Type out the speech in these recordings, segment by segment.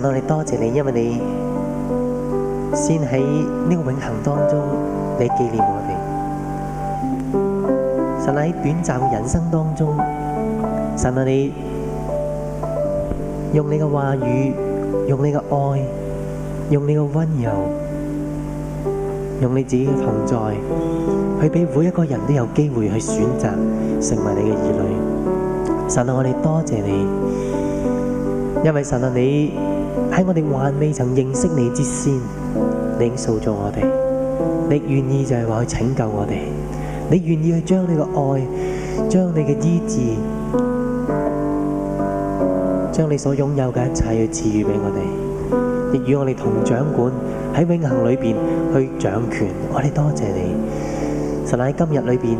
神啊啊，你多謝你，因為你先喺呢個永恒當中，你紀念我哋。神喺短暫人生當中，神啊，你用你嘅話語，用你嘅愛，用你嘅溫柔，用你自己嘅同在，去俾每一個人都有機會去選擇成為你嘅兒女。神啊，我哋多謝你，因為神啊，你。喺我哋還未曾認識你之先，你已經塑造我哋。你願意就係話去拯救我哋，你願意去將你嘅愛、將你嘅醫治、將你所擁有嘅一切去賜予俾我哋，亦與我哋同掌管喺永恆裏邊去掌權。我哋多謝你，神喺今日裏邊，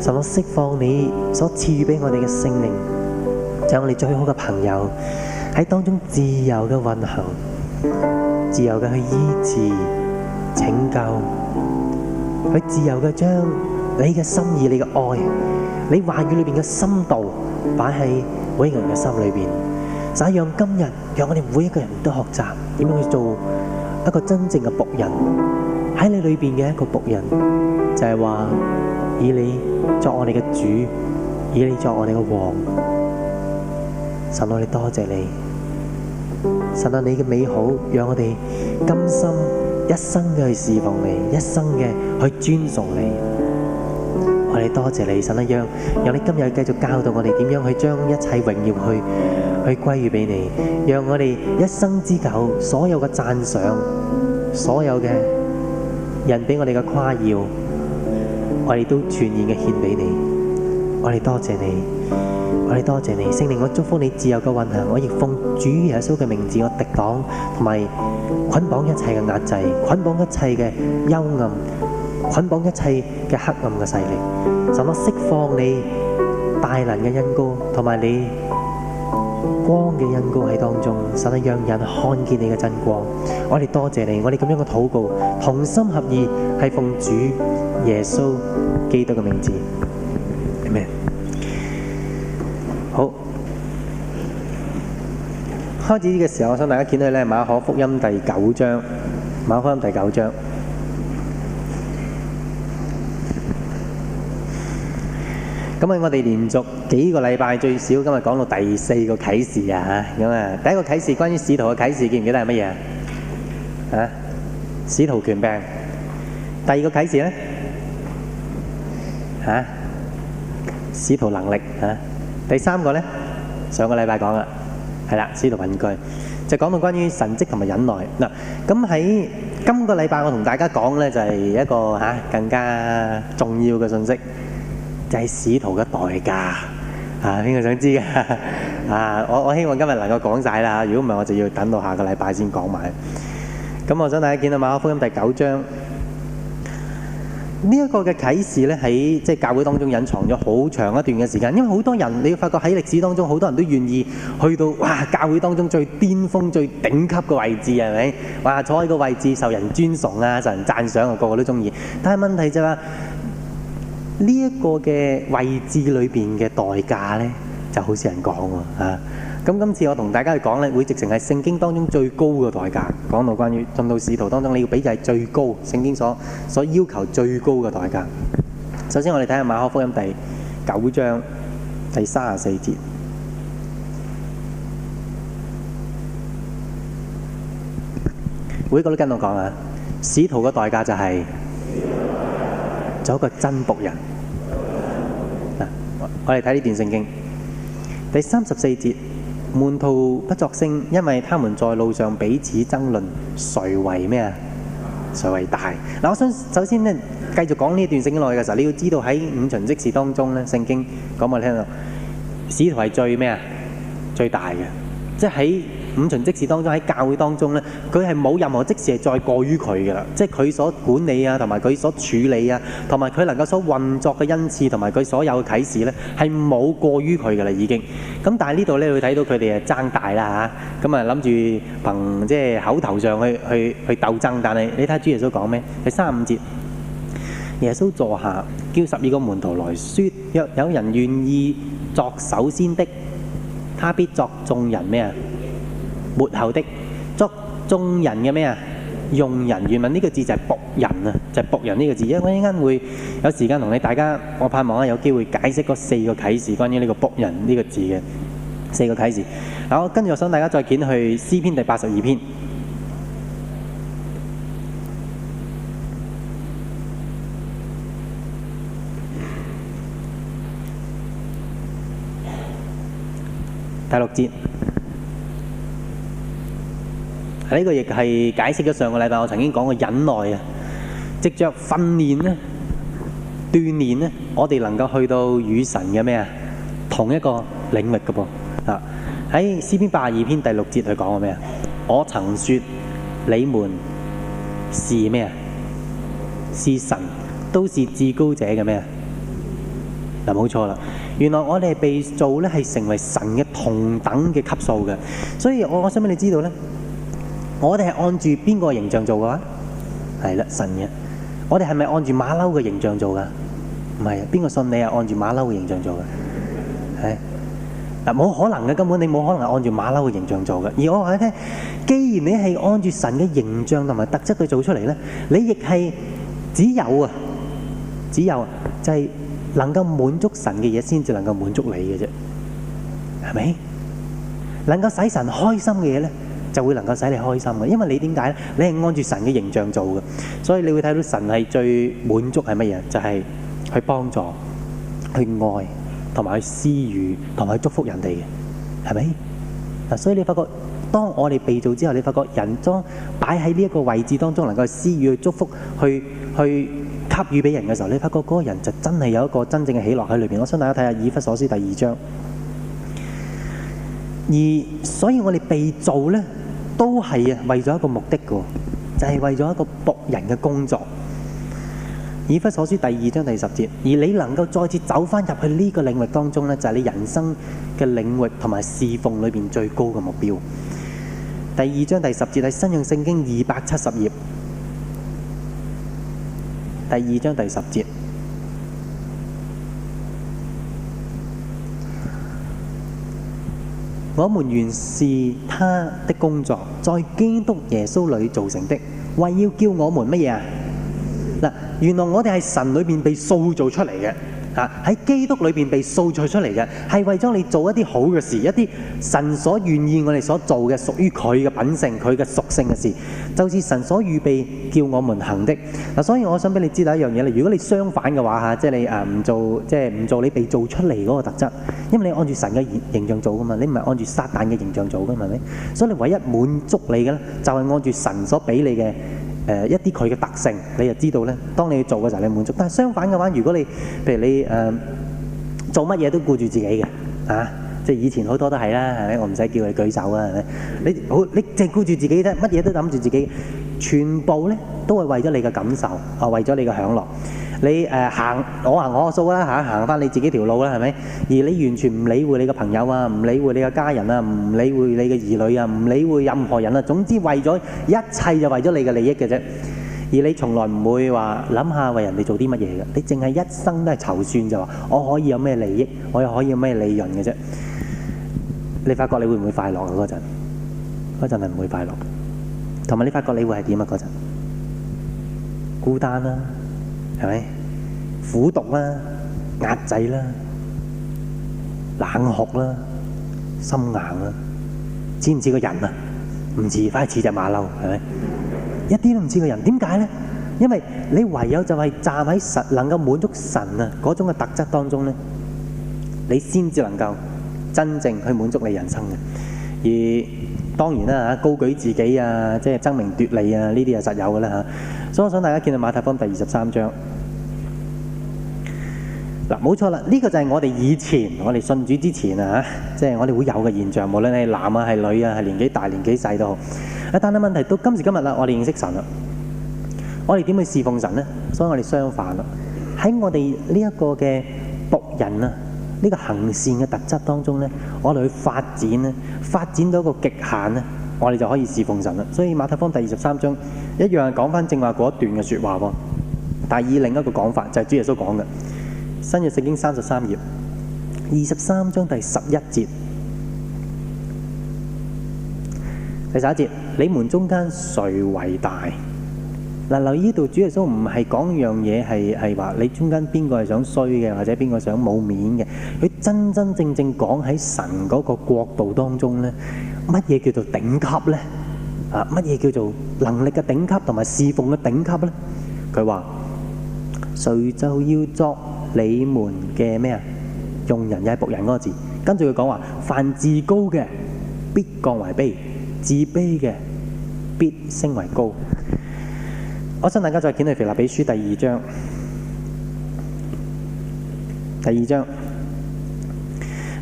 神我釋放你所賜予俾我哋嘅聖靈，就係我哋最好嘅朋友。喺當中自由嘅運行，自由嘅去醫治、拯救，去自由嘅將你嘅心意、你嘅愛、你話語裏邊嘅深度擺喺每一個人嘅心裏邊，想讓今日，讓我哋每一個人都學習點樣去做一個真正嘅僕人，喺你裏邊嘅一個僕人，就係話以你作我哋嘅主，以你作我哋嘅王。神，我哋多謝你，神，你嘅美好讓我哋甘心一生嘅去侍奉你，一生嘅去尊重你。我哋多謝你，神一樣，有你今日繼續教導我哋點樣去將一切榮耀去去歸於俾你，讓我哋一生之久所有嘅讚賞，所有嘅人俾我哋嘅誇耀，我哋都全然嘅獻俾你。我哋多謝你。我哋多謝你，聖靈，我祝福你自由嘅運行，我亦奉主耶穌嘅名字，我敵擋同埋捆綁一切嘅壓制，捆綁一切嘅幽暗，捆綁一切嘅黑暗嘅勢力，使乜釋放你大能嘅恩膏，同埋你光嘅恩膏喺當中，使得讓人看見你嘅真光。我哋多謝你，我哋咁樣嘅禱告，同心合意係奉主耶穌基督嘅名字，Amen。開始嘅時候，我想大家見到咧馬可福音第九章，馬可福音第九章。咁啊，我哋連續幾個禮拜最少，今日講到第四個啟示啊嚇。咁啊，第一個啟示關於使徒嘅啟示，記唔記得係乜嘢啊？使徒權柄。第二個啟示咧嚇，使徒能力嚇。第三個咧，上個禮拜講啊。係啦，使徒憑據，就講到關於神蹟同埋忍耐嗱。咁喺今個禮拜，我同大家講呢，就係一個嚇更加重要嘅信息，就係使徒嘅代價啊！邊個想知嘅啊？我我希望今日能夠講晒啦，如果唔係，我就要等到下個禮拜先講埋。咁我想大家見到馬可福音第九章。呢一個嘅啟示咧，喺即係教會當中隱藏咗好長一段嘅時間，因為好多人你會發覺喺歷史當中，好多人都願意去到哇教會當中最巔峰，最頂級嘅位置，係咪？哇坐喺個位置受人尊崇啊，受人讚賞啊，個個都中意。但係問題就係話，呢一個嘅位置裏邊嘅代價咧，就好少人講喎嚇。啊咁今次我同大家去講咧，會直情係聖經當中最高嘅代價。講到關於進到使徒當中，你要俾就係最高聖經所所要求最高嘅代價。首先，我哋睇下馬可福音第九章第三十四節。每一個都跟我講啊，使徒嘅代價就係做一個真僕人。嗱，我哋睇呢段聖經第三十四節。門徒不作聲，因為他們在路上彼此爭論，誰為咩啊？誰為大？嗱，我想首先呢，繼續講呢段聖經落去嘅時候，你要知道喺五旬即事當中呢，聖經講我聽到，使徒係最咩啊？最大嘅，即喺。五旬職事當中，喺教會當中呢，佢係冇任何職事係再過於佢嘅啦。即係佢所管理啊，同埋佢所處理啊，同埋佢能夠所運作嘅恩賜同埋佢所有嘅啓示呢，係冇過於佢嘅啦。已經咁，但係呢度呢，你會睇到佢哋誒爭大啦嚇咁啊，諗、嗯、住憑即係口頭上去去去鬥爭。但係你睇主耶穌講咩？係三五節，耶穌坐下，叫十二個門徒來説：若有人願意作首先的，他必作眾人咩啊？末後的捉眾人嘅咩啊？用人語文呢、這個字就係僕人啊，就係、是、僕人呢個字。因為啱啱會有時間同你大家，我盼望有機會解釋嗰四個啟示關於呢個僕人呢個字嘅四個啟示。嗱，我跟住我想大家再見去《詩篇》第八十二篇第六節。呢個亦係解釋咗上個禮拜我曾經講過忍耐啊，藉着訓練咧、鍛鍊咧，我哋能夠去到與神嘅咩啊同一個領域嘅噃啊。喺詩篇八二篇第六節，佢講過咩啊？我曾説你們是咩啊？是神，都是至高者嘅咩啊？嗱，冇錯啦，原來我哋被造咧，係成為神嘅同等嘅級數嘅。所以我我想俾你知道咧。我哋係按住邊個形象做嘅話，係啦，神嘅。我哋係咪按住馬騮嘅形象做噶唔係，邊個信你係按住馬騮嘅形象做嘅？係嗱，冇可能嘅，根本你冇可能係按住馬騮嘅形象做嘅。而我話你聽，既然你係按住神嘅形象同埋特質去做出嚟咧，你亦係只有啊，只有就係能夠滿足神嘅嘢，先至能夠滿足你嘅啫。係咪？能夠使神開心嘅嘢咧？就會能夠使你開心嘅，因為你點解咧？你係按住神嘅形象做嘅，所以你會睇到神係最滿足係乜嘢？就係、是、去幫助、去愛、同埋去施予、同埋去祝福人哋嘅，係咪？所以你發覺當我哋被造之後，你發覺人裝擺喺呢一個位置當中，能夠施予、去祝福、去去給予俾人嘅時候，你發覺嗰個人就真係有一個真正嘅喜樂喺裏邊。我想大家睇下以弗所書》第二章，而所以我哋被造呢。都係啊，為咗一個目的嘅，就係為咗一個僕人嘅工作。以弗所書第二章第十節，而你能夠再次走返入去呢個領域當中咧，就係你人生嘅領域同埋侍奉裏邊最高嘅目標。第二章第十節，喺新約聖經二百七十頁，第二章第十節。我們原是他的工作，在基督耶穌裏造成的，為要叫我們乜嘢啊？嗱，原來我哋係神裏邊被塑造出嚟嘅，啊喺基督裏邊被塑造出嚟嘅，係為咗你做一啲好嘅事，一啲神所願意我哋所做嘅，屬於佢嘅品性、佢嘅屬性嘅事，就是神所預備叫我們行的。嗱，所以我想俾你知道一樣嘢，如果你相反嘅話吓，即係你誒唔做，即係唔做你被做出嚟嗰個特質。因為你按住神嘅形象做噶嘛，你唔係按住撒旦嘅形象做噶嘛，係咪？所以你唯一滿足你嘅咧，就係、是、按住神所俾你嘅誒、呃、一啲佢嘅特性，你就知道咧。當你做嘅時候，你滿足。但係相反嘅話，如果你譬如你誒、呃、做乜嘢都顧住自己嘅，啊，即係以前好多都係啦，係咪？我唔使叫你舉手啊，係咪？你好，你淨係顧住自己啫，乜嘢都諗住自己，全部咧都係為咗你嘅感受，啊，為咗你嘅享樂。你誒、呃、行，我行我數啦嚇，行翻你自己條路啦、啊，係咪？而你完全唔理會你嘅朋友啊，唔理會你嘅家人啊，唔理會你嘅兒女啊，唔理會任何人啊。總之為咗一切就為咗你嘅利益嘅啫。而你從來唔會話諗下為人哋做啲乜嘢嘅，你淨係一生都係籌算就話我可以有咩利益，我又可以有咩利潤嘅啫。你發覺你會唔會快樂啊？嗰陣嗰陣係唔會快樂的，同埋你發覺你會係點啊？嗰陣孤單啦、啊。係咪苦毒啦、壓制啦、冷酷啦、心硬啦，似唔似個人啊？唔似，反而似隻馬騮，係咪？一啲都唔似個人，點解咧？因為你唯有就係站喺神能夠滿足神啊嗰種嘅特質當中咧，你先至能夠真正去滿足你人生嘅。而當然啦吓，高舉自己啊，即係爭名奪利啊，呢啲係實有噶啦吓。所以我想大家見到馬太福音第二十三章。嗱，冇錯啦！呢個就係我哋以前我哋信主之前啊，即係我哋會有嘅現象，無論係男啊、係女啊、係年紀大年紀細都好。但係問題到今時今日啦，我哋認識神啦，我哋點去侍奉神呢？所以我哋相反啦。喺我哋呢一個嘅僕人啊，呢個行善嘅特質當中呢，我哋去發展呢，發展到一個極限呢，我哋就可以侍奉神啦。所以馬太福音第二十三章一樣講翻正話嗰一段嘅説話喎，但係以另一個講法就係主耶穌講嘅。新約聖經三十三頁二十三章第十一節，第十一節，你們中間誰為大？嗱，留意呢度，主耶穌唔係講樣嘢，係係話你中間邊個係想衰嘅，或者邊個想冇面嘅？佢真真正正講喺神嗰個國度當中咧，乜嘢叫做頂級咧？啊，乜嘢叫做能力嘅頂級同埋侍奉嘅頂級咧？佢話誰就要作？你們嘅咩啊？用人也係僕人嗰個字，跟住佢講話：凡自高嘅必降為卑，自卑嘅必升為高。我想大家再檢去《腓立比書》第二章，第二章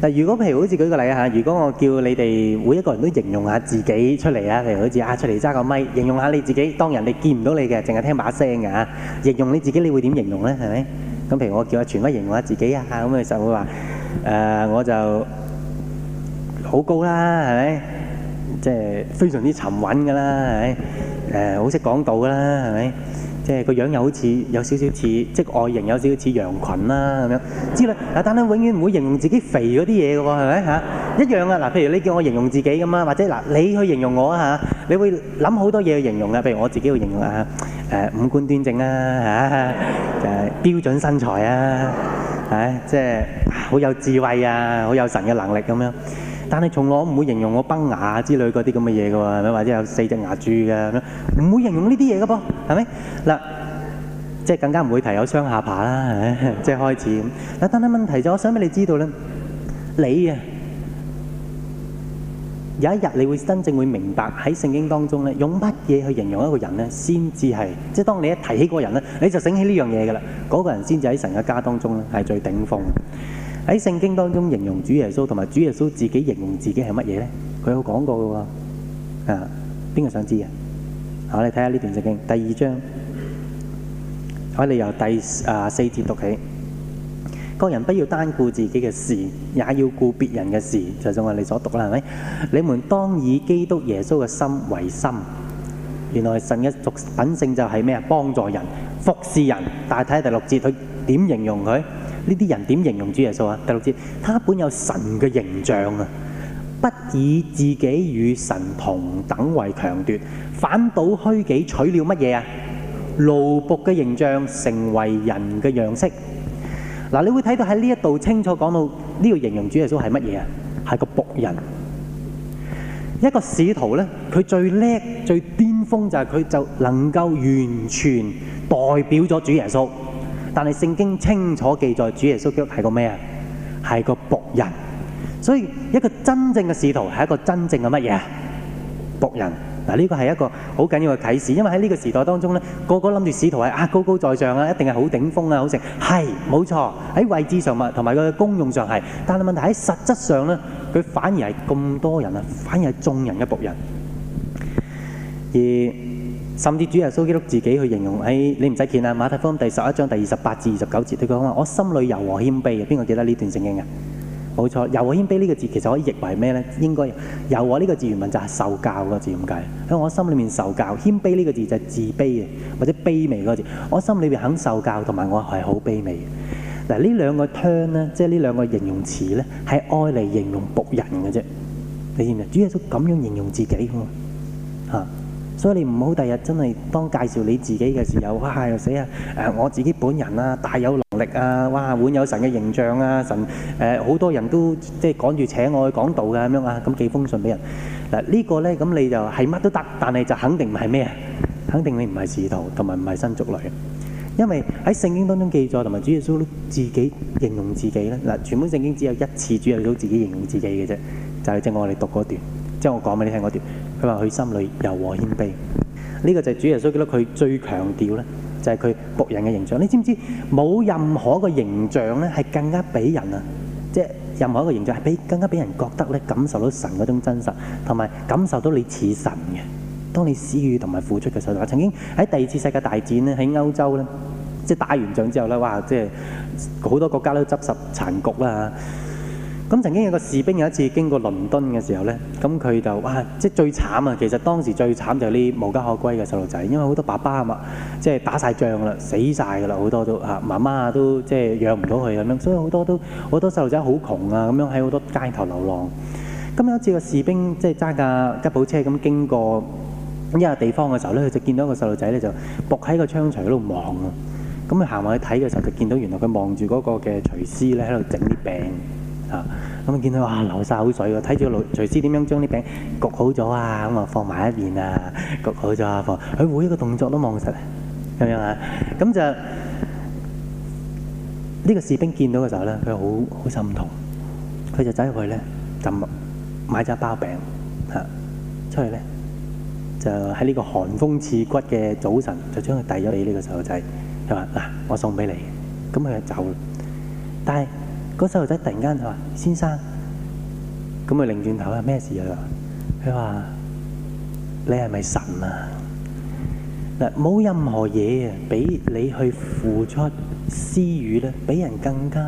嗱。如果譬如好似舉個例啊，如果我叫你哋每一個人都形容下自己出嚟啊，譬如好似啊出嚟揸個咪，形容下你自己，當人哋見唔到你嘅，淨係聽把聲嘅啊，形容你自己，你會點形容咧？係咪？咁譬如我叫阿全威形容下自己啊，咁啊就會話誒、呃，我就好高啦，係咪？即係非常之沉穩嘅啦，係咪？誒，好識講道嘅啦，係咪？即係個樣又好似有少少似，即係外形有少少似羊群啦，咁樣之類。但係永遠唔會形容自己肥嗰啲嘢嘅喎，係咪嚇？一樣啊！嗱，譬如你叫我形容自己咁啊，或者嗱你去形容我啊嚇，你會諗好多嘢去形容啊，譬如我自己去形容啊。誒五官端正啊，嚇、啊！誒、啊啊、標準身材啊，嚇、啊！即係好有智慧啊，好有神嘅能力咁、啊、樣。但係從來我唔會形容我崩牙之類嗰啲咁嘅嘢嘅喎，或者有四隻牙蛀嘅咁樣，唔、啊、會形容呢啲嘢嘅噃，係咪？嗱、啊，即係更加唔會提有雙下巴啦、啊啊，即係開始。但係問題就我想俾你知道啦，你啊～有一日，你會真正會明白喺聖經當中用乜嘢去形容一個人呢？先至係即係當你一提起嗰個人你就醒起呢樣嘢㗎啦。嗰個人先至喺神嘅家當中咧，係最頂峰。喺聖經當中形容主耶穌，同埋主耶穌自己形容自己係乜嘢呢？佢有講過㗎喎。啊，邊個想知啊？啊，你睇下呢段聖經第二章，我哋由第四節讀起。各人不要單顧自己嘅事，也要顧別人嘅事。就正如你所讀啦，係咪？你們當以基督耶穌嘅心為心。原來神嘅屬品性就係咩啊？幫助人、服侍人。但係睇下第六節，佢點形容佢？呢啲人點形容主耶穌啊？第六節，他本有神嘅形象啊，不以自己與神同等為強奪，反倒虛己取了乜嘢啊？奴僕嘅形象成為人嘅樣式。嗱，你會睇到喺呢一度清楚講到呢個形容主耶穌係乜嘢啊？係個僕人。一個使徒咧，佢最叻、最巔峰就係佢就能夠完全代表咗主耶穌。但係聖經清楚記載主耶穌係個咩啊？係個僕人。所以一個真正嘅使徒係一個真正嘅乜嘢啊？僕人。嗱，呢個係一個好緊要嘅啟示，因為喺呢個時代當中咧，個個諗住使徒係啊高高在上啊，一定係好頂峯啊，好成，係冇錯喺位置上啊，同埋個功用上係，但係問題喺實質上咧，佢反而係咁多人啊，反而係眾人嘅僕人，而甚至主耶穌基督自己去形容喺你唔使見啊馬太福音第十一章第二十八至二十九節，對佢講話，我心裏柔和謙卑，邊個記得呢段聖經啊？冇錯，有我謙卑呢個字，其實我可以譯為咩呢？應該有由我呢個字原文就係受教個字咁解。喺我心裏面受教，謙卑呢個字就係自卑嘅，或者卑微個字。我心裏面肯受教，同埋我係好卑微。嗱，呢兩個 turn 咧，即係呢兩個形容詞呢，係愛嚟形容僕人嘅啫。你知唔知？主耶穌咁樣形容自己㗎嘛？嚇、啊！所以你唔好第日真係當介紹你自己嘅時候，哇！又死啊！我自己本人啊，大有力啊！哇，滿有神嘅形象啊！神誒好、呃、多人都即係趕住請我去講道㗎咁樣啊！咁寄封信俾人嗱、這個、呢個咧咁你就係乜都得，但係就肯定唔係咩，啊，肯定你唔係使徒同埋唔係新族類，因為喺聖經當中記載同埋主耶穌自己形容自己咧嗱，全本聖經只有一次主耶穌自己形容自己嘅啫，就係、是、正我哋讀嗰段，即係我講俾你聽嗰段，佢話佢心裏柔和謙卑，呢、這個就係主耶穌覺得佢最強調咧。就係佢僕人嘅形象，你知唔知冇任何一個形象咧，係更加俾人啊！即係任何一個形象係俾更加俾人覺得咧，感受到神嗰種真實，同埋感受到你似神嘅。當你施予同埋付出嘅時候，曾經喺第二次世界大戰咧，喺歐洲咧，即係打完仗之後咧，哇！即係好多國家都執拾殘局啦。曾經有個士兵有一次經過倫敦嘅時候呢，咁佢就哇，即係最慘啊！其實當時最慘就係啲無家可歸嘅細路仔，因為好多爸爸啊嘛，即係打晒仗啦，死晒㗎啦，好多都啊，媽媽啊都即係養唔到佢咁樣，所以好多都好多細路仔好窮啊，咁樣喺好多街頭流浪。咁有一次個士兵即係揸架吉普車咁經過一個地方嘅時候呢，佢就見到一個細路仔呢，就伏喺個窗枱嗰度望啊。咁佢行埋去睇嘅時候，就見到原來佢望住嗰個嘅廚師呢，喺度整啲餅。啊！咁啊、嗯，見到哇流晒口水喎，睇住個老廚師點樣將啲餅焗好咗啊！咁啊，放埋一邊啊，焗好咗啊，放佢、哎、每一個動作都望實，咁樣啊！咁就呢、呢個士兵見到嘅時候咧，佢好好心痛，佢就走入去咧就買咗一包餅嚇、嗯、出去咧，就喺呢個寒風刺骨嘅早晨就他、這個，就將佢遞咗俾呢個細路仔，佢話嗱，我送俾你，咁、嗯、佢就走，但係。嗰細路仔突然間佢話：先生，咁啊，擰轉頭啊，咩事啊？佢話：你係咪神啊？嗱，冇任何嘢啊，俾你去付出施予咧，俾人更加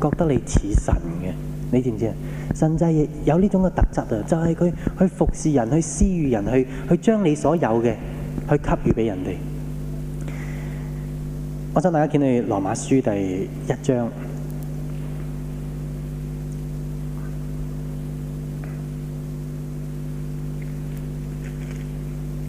覺得你似神嘅。你知唔知啊？甚至亦有呢種嘅特質啊，就係佢去服侍人，去施予人，去去將你所有嘅去給予俾人哋。我想大家見去《羅馬書》第一章。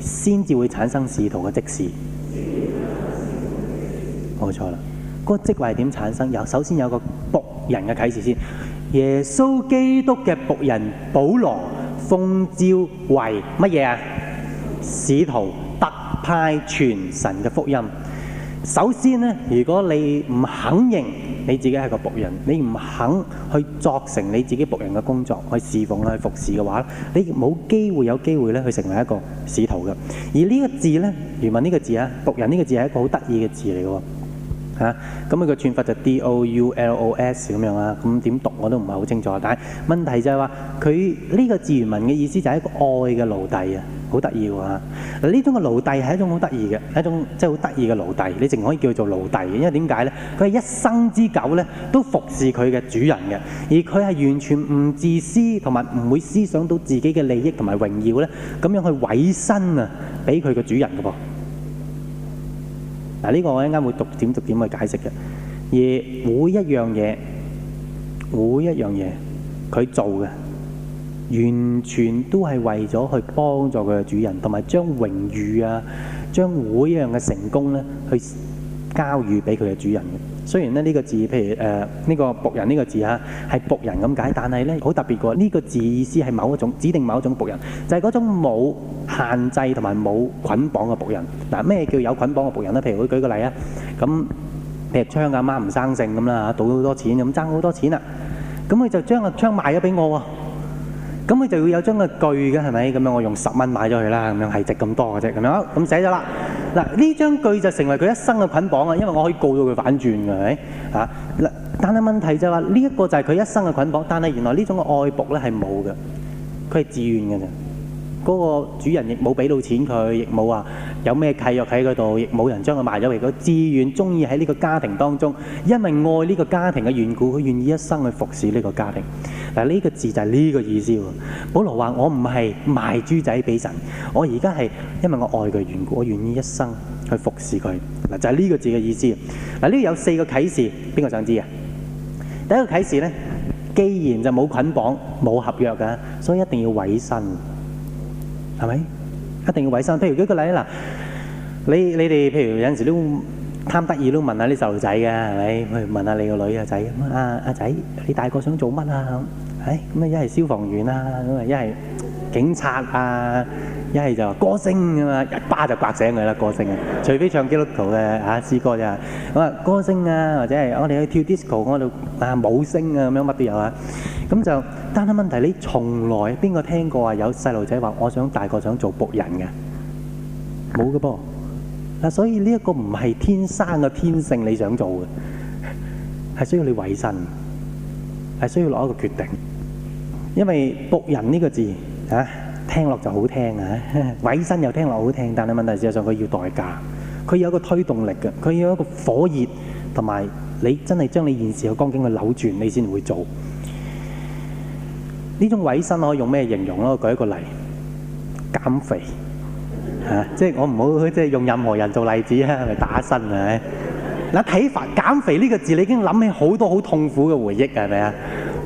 先至會產生使徒嘅職事，冇錯啦。個職位點產生？有首先有個僕人嘅啟示先。耶穌基督嘅僕人保羅奉召為乜嘢啊？使徒特派傳神嘅福音。首先呢，如果你唔肯認你自己係個僕人，你唔肯去作成你自己僕人嘅工作，去侍奉去服侍嘅話，你冇機會，有機會去成為一個使徒嘅。而呢個字呢，原文呢個字，這個字，個字啊，僕人呢個字係一個好得意嘅字嚟嘅喎嚇。咁佢個串法就 d o u l o s 咁樣啊，咁點讀我都唔係好清楚。但係問題就係話佢呢個字原文嘅意思就係一個愛嘅奴隸啊。好得意喎！嗱，呢種嘅奴隸係一種好得意嘅，一種即係好得意嘅奴隸。你淨可以叫做奴隸嘅，因為點解咧？佢係一生之久都服侍佢嘅主人嘅，而佢係完全唔自私同埋唔會思想到自己嘅利益同埋榮耀咧，咁樣去委身啊，俾佢嘅主人嘅噃。呢、呢個我一間會逐點逐點去解釋嘅。而每一樣嘢，每一樣嘢，佢做嘅。完全都係為咗去幫助佢嘅主人，同埋將榮譽啊、將會一樣嘅成功咧，去交予俾佢嘅主人嘅。雖然咧呢、這個字，譬如誒呢、呃這個僕人呢個字啊，係僕人咁解，但係咧好特別嘅呢個字意思係某一種指定某一種僕人，就係、是、嗰種冇限制同埋冇捆綁嘅僕人。嗱、啊，咩叫有捆綁嘅僕人咧？譬如我舉個例子譬如槍媽媽啊，咁劈槍嘅媽唔生性咁啦，賭好多錢咁爭好多錢啦，咁佢就將個槍賣咗俾我喎。咁佢就會有一張個據嘅係咪？咁樣我用十蚊買咗佢啦，咁樣係值咁多嘅啫，咁樣咁寫咗啦。嗱，呢張據就成為佢一生嘅捆綁啊，因為我可以告到佢反轉嘅，係咪？但係問題就話呢一個就係佢一生嘅捆綁，但係原來呢種嘅愛僕咧係冇嘅，佢係自願嘅。嗰個主人亦冇俾到錢佢，亦冇話有咩契約喺嗰度，亦冇人將佢賣咗嚟。佢自願中意喺呢個家庭當中，因為愛呢個家庭嘅緣故，佢願意一生去服侍呢個家庭。嗱，呢個字就係呢個意思喎。保羅話：我唔係賣豬仔俾神，我而家係因為我愛佢嘅緣故，我願意一生去服侍佢。嗱，就係呢個字嘅意思。嗱，呢度有四個啟示，邊個想知啊？第一個啟示呢，既然就冇捆綁、冇合約㗎，所以一定要委身。係咪？一定要衞生。譬如舉個例啦，你你哋，譬如有陣時都貪得意都問下啲細路仔㗎，係咪？去問下你個女啊仔咁啊，阿仔你大個想做乜啊？咁誒咁啊，一係消防員啊，咁啊一係警察啊。一係就話歌星啊嘛，一巴就刮醒佢啦！歌星啊，除非唱基督教嘅嚇詩歌啫。我話歌星啊，或者係我哋去跳 disco，我哋啊舞星啊咁樣，乜都有啊。咁就但係問題，你從來邊個聽過話有細路仔話我想大個想做僕人嘅？冇嘅噃。嗱，所以呢一個唔係天生嘅天性你想做嘅，係需要你委身，係需要落一個決定。因為僕人呢個字嚇。聽落就好聽啊，委身又聽落好聽，但係問題事實上佢要代價，佢有一個推動力嘅，佢有一個火熱，同埋你真係將你現時嘅光景去扭轉，你先會做。呢種委身可以用咩形容咯？我舉一個例，減肥吓，即係我唔好即係用任何人做例子啊，咪打身啊！嗱，睇法減肥呢個字，你已經諗起好多好痛苦嘅回憶，係咪啊？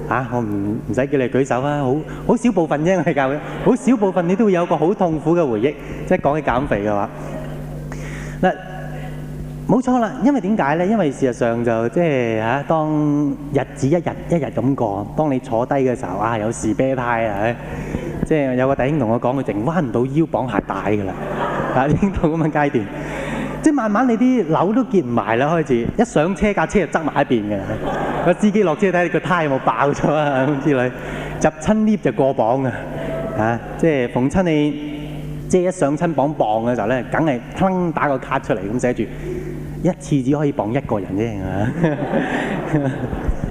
嚇！我唔唔使叫你舉手啦，好好少部分啫，我教會好少部分，你都會有個好痛苦嘅回憶。即係講起減肥嘅話，嗱，冇錯啦，因為點解咧？因為事實上就即係嚇，當日子一日一日咁過，當你坐低嘅時候，啊有時啤呔啊，即係有個弟兄同我講，佢淨彎唔到腰綁鞋帶噶啦，啊已經到咁嘅階段。即係慢慢你啲樓都建唔埋啦，開始一上車架車就側埋一邊嘅，個 司機落車睇下你個胎有冇爆咗啊咁之類，就親 lift 就過磅啊。嚇！即係逢親你即係一上親磅磅嘅時候咧，梗係砰打個卡出嚟咁寫住，一次只可以磅一個人啫，嚇、 啊！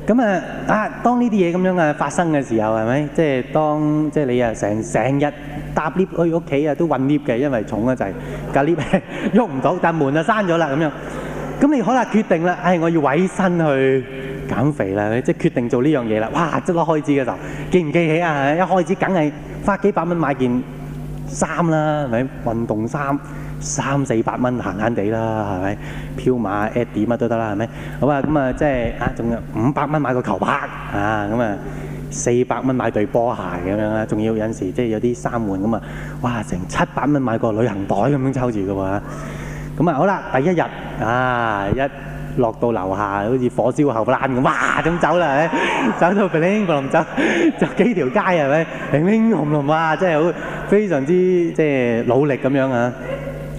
咁啊啊，當呢啲嘢咁樣嘅發生嘅時候係咪？即係當即係你啊成成日。搭 lift 去屋企啊，都困 lift 嘅，因為重啊，就係，架 lift 喐唔到，但門就閂咗啦咁樣。咁你可能決定啦，唉，我要委身去減肥啦，即係決定做呢樣嘢啦。哇，即刻開始嘅時候，記唔記起啊？一開始梗係花幾百蚊買件衫啦，係咪運動衫？三四百蚊閒閒地啦，係咪？彪馬、Adidas 都得啦，係咪？好啊，咁啊，即係啊，仲有五百蚊買個球拍啊，咁啊～四百蚊買對波鞋咁樣啦，仲要有陣時即係有啲閂門咁啊！哇，成七百蚊買個旅行袋咁樣抽住嘅喎嚇，咁啊好啦，第一日啊，一落到樓下好似火燒後欄咁，哇咁走啦，走到 bling bling 走，走幾條街係咪？bling bling 哇，真係好非常之即係努力咁樣嚇，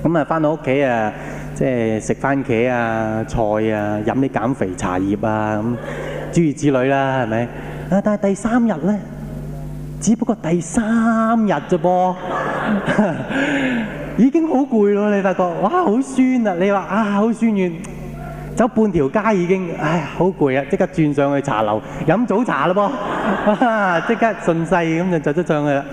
咁啊翻到屋企啊，即係食番茄啊、菜啊，飲啲減肥茶葉啊咁諸如此類啦，係咪？但係第三日咧，只不過第三日啫噃， 已經好攰咯，你發覺。哇！好酸啊！你話啊，好酸軟，走半條街已經，唉，好攰啊！即刻轉上去茶樓飲早茶啦噃，即 刻順勢咁就走咗上去啦。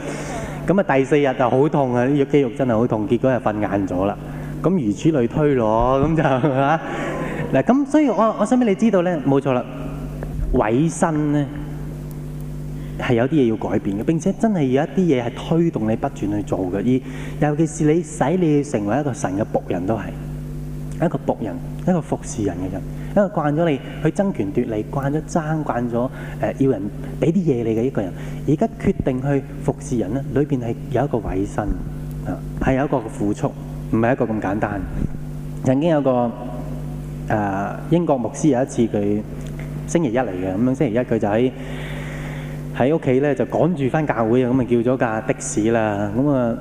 咁啊，第四日就好痛啊，呢個肌肉真係好痛。結果又瞓晏咗啦。咁如此類推咯，咁就嗱，咁、啊、所以我我想俾你知道咧，冇錯啦，委身咧。係有啲嘢要改變嘅，並且真係有一啲嘢係推動你不斷去做嘅。而尤其是你使你成為一個神嘅僕人都係一個僕人、一個服侍人嘅人，因為慣咗你去爭權奪利、慣咗爭、慣咗誒要人俾啲嘢你嘅一,一個人，而家決定去服侍人咧，裏邊係有一個委身啊，係有一個付出，唔係一個咁簡單。曾經有一個誒、呃、英國牧師有一次佢星期一嚟嘅，咁樣星期一佢就喺。喺屋企咧就趕住翻教會啊，咁咪叫咗架的士啦。咁啊，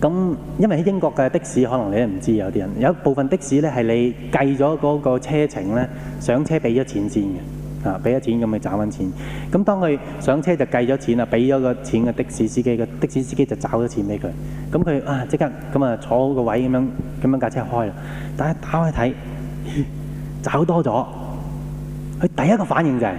咁因為喺英國嘅的、的士可能你都唔知有啲人，有一部分的士咧係你計咗嗰個車程咧，上車俾咗錢先嘅，啊俾咗錢咁咪找返錢。咁當佢上車就計咗錢啦，俾咗個錢嘅的士司機，的士司機就找咗錢俾佢。咁佢啊即刻咁啊坐好個位咁樣，咁樣架車開啦。但係打開睇找多咗，佢第一個反應就係、是。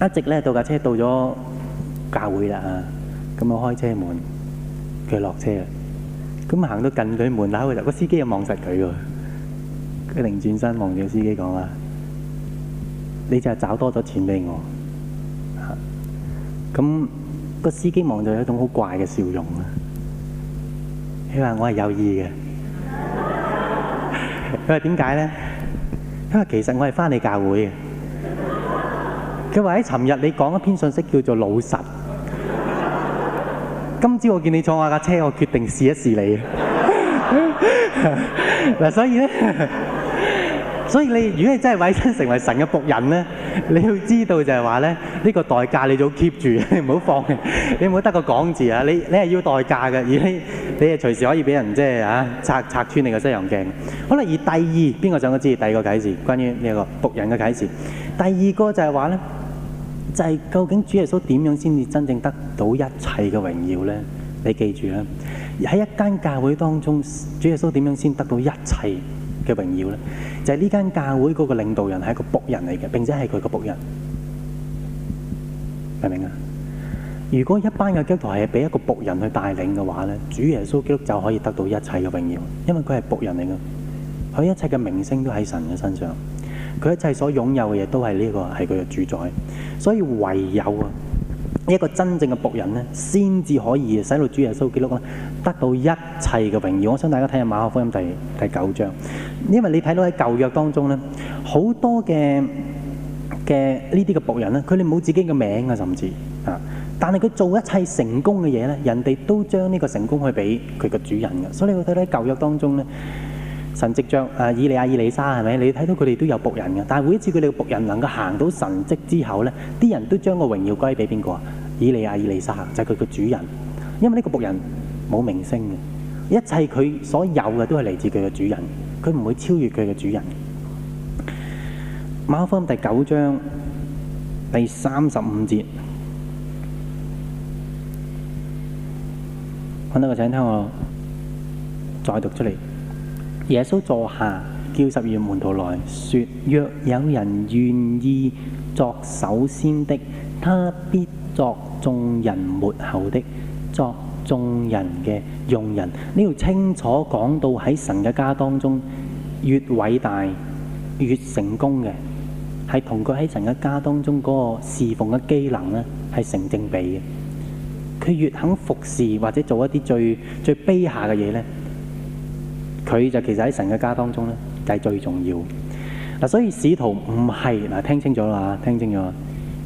一直咧到架車到咗教會啦吓，咁我開車門，佢落車，咁行到近佢門口嘅時候，個司機又望實佢喎，佢擰轉身望住個司機講話，你就係找多咗錢俾我。咁個司機望就有一種好怪嘅笑容啊！佢話我係有意嘅，佢話點解咧？因為其實我係翻嚟教會嘅。佢話喺尋日你講一篇信息叫做老實，今朝我見你坐我架車，我決定試一試你。嗱，所以咧，所以你如果係真係委身成為神嘅僕人咧，你要知道就係話咧，呢個代價你要 keep 住，你唔好放棄，你唔好得個講字啊！你你係要代價嘅，而且你係隨時可以俾人即係啊拆，拆穿你個西洋鏡。好啦，而第二邊個想都知，第二個解釋關於呢個僕人嘅解釋。第二個就係話咧。就係究竟主耶穌點樣先至真正得到一切嘅榮耀呢？你記住啦，喺一間教會當中，主耶穌點樣先得到一切嘅榮耀呢？就係呢間教會嗰個領導人係一個僕人嚟嘅，並且係佢個僕人，明唔明啊？如果一班嘅基督徒係俾一個僕人去帶領嘅話呢，主耶穌基督就可以得到一切嘅榮耀，因為佢係僕人嚟嘅，佢一切嘅名聲都喺神嘅身上。佢一切所擁有嘅嘢都係呢、這個係佢嘅主宰，所以唯有啊一個真正嘅僕人咧，先至可以使到主耶穌基督啊得到一切嘅榮耀。我想大家睇下馬可福音第第九章，因為你睇到喺舊約當中咧，好多嘅嘅呢啲嘅僕人咧，佢哋冇自己嘅名啊，甚至啊，但係佢做一切成功嘅嘢咧，人哋都將呢個成功去俾佢嘅主人嘅，所以你會睇到喺舊約當中咧。神跡將，啊，以利亞、以利沙，係咪？你睇到佢哋都有僕人嘅，但係每一次佢哋嘅僕人能夠行到神跡之後咧，啲人都將個榮耀歸俾邊個啊？以利亞、以利沙就係佢嘅主人，因為呢個僕人冇明星嘅，一切佢所有嘅都係嚟自佢嘅主人，佢唔會超越佢嘅主人。馬可福音第九章第三十五節，搵到嘅，請聽我再讀出嚟。耶穌坐下，叫十二門徒來，説：若有人願意作首先的，他必作眾人末後的，作眾人嘅用人。呢度清楚講到喺神嘅家當中，越偉大越成功嘅，係同佢喺神嘅家當中嗰個侍奉嘅機能呢，係成正比嘅。佢越肯服侍或者做一啲最最卑下嘅嘢呢。佢就其實喺神嘅家當中咧，係、就係、最重要嗱、啊。所以使徒唔係嗱，聽清楚啦，聽清楚啦。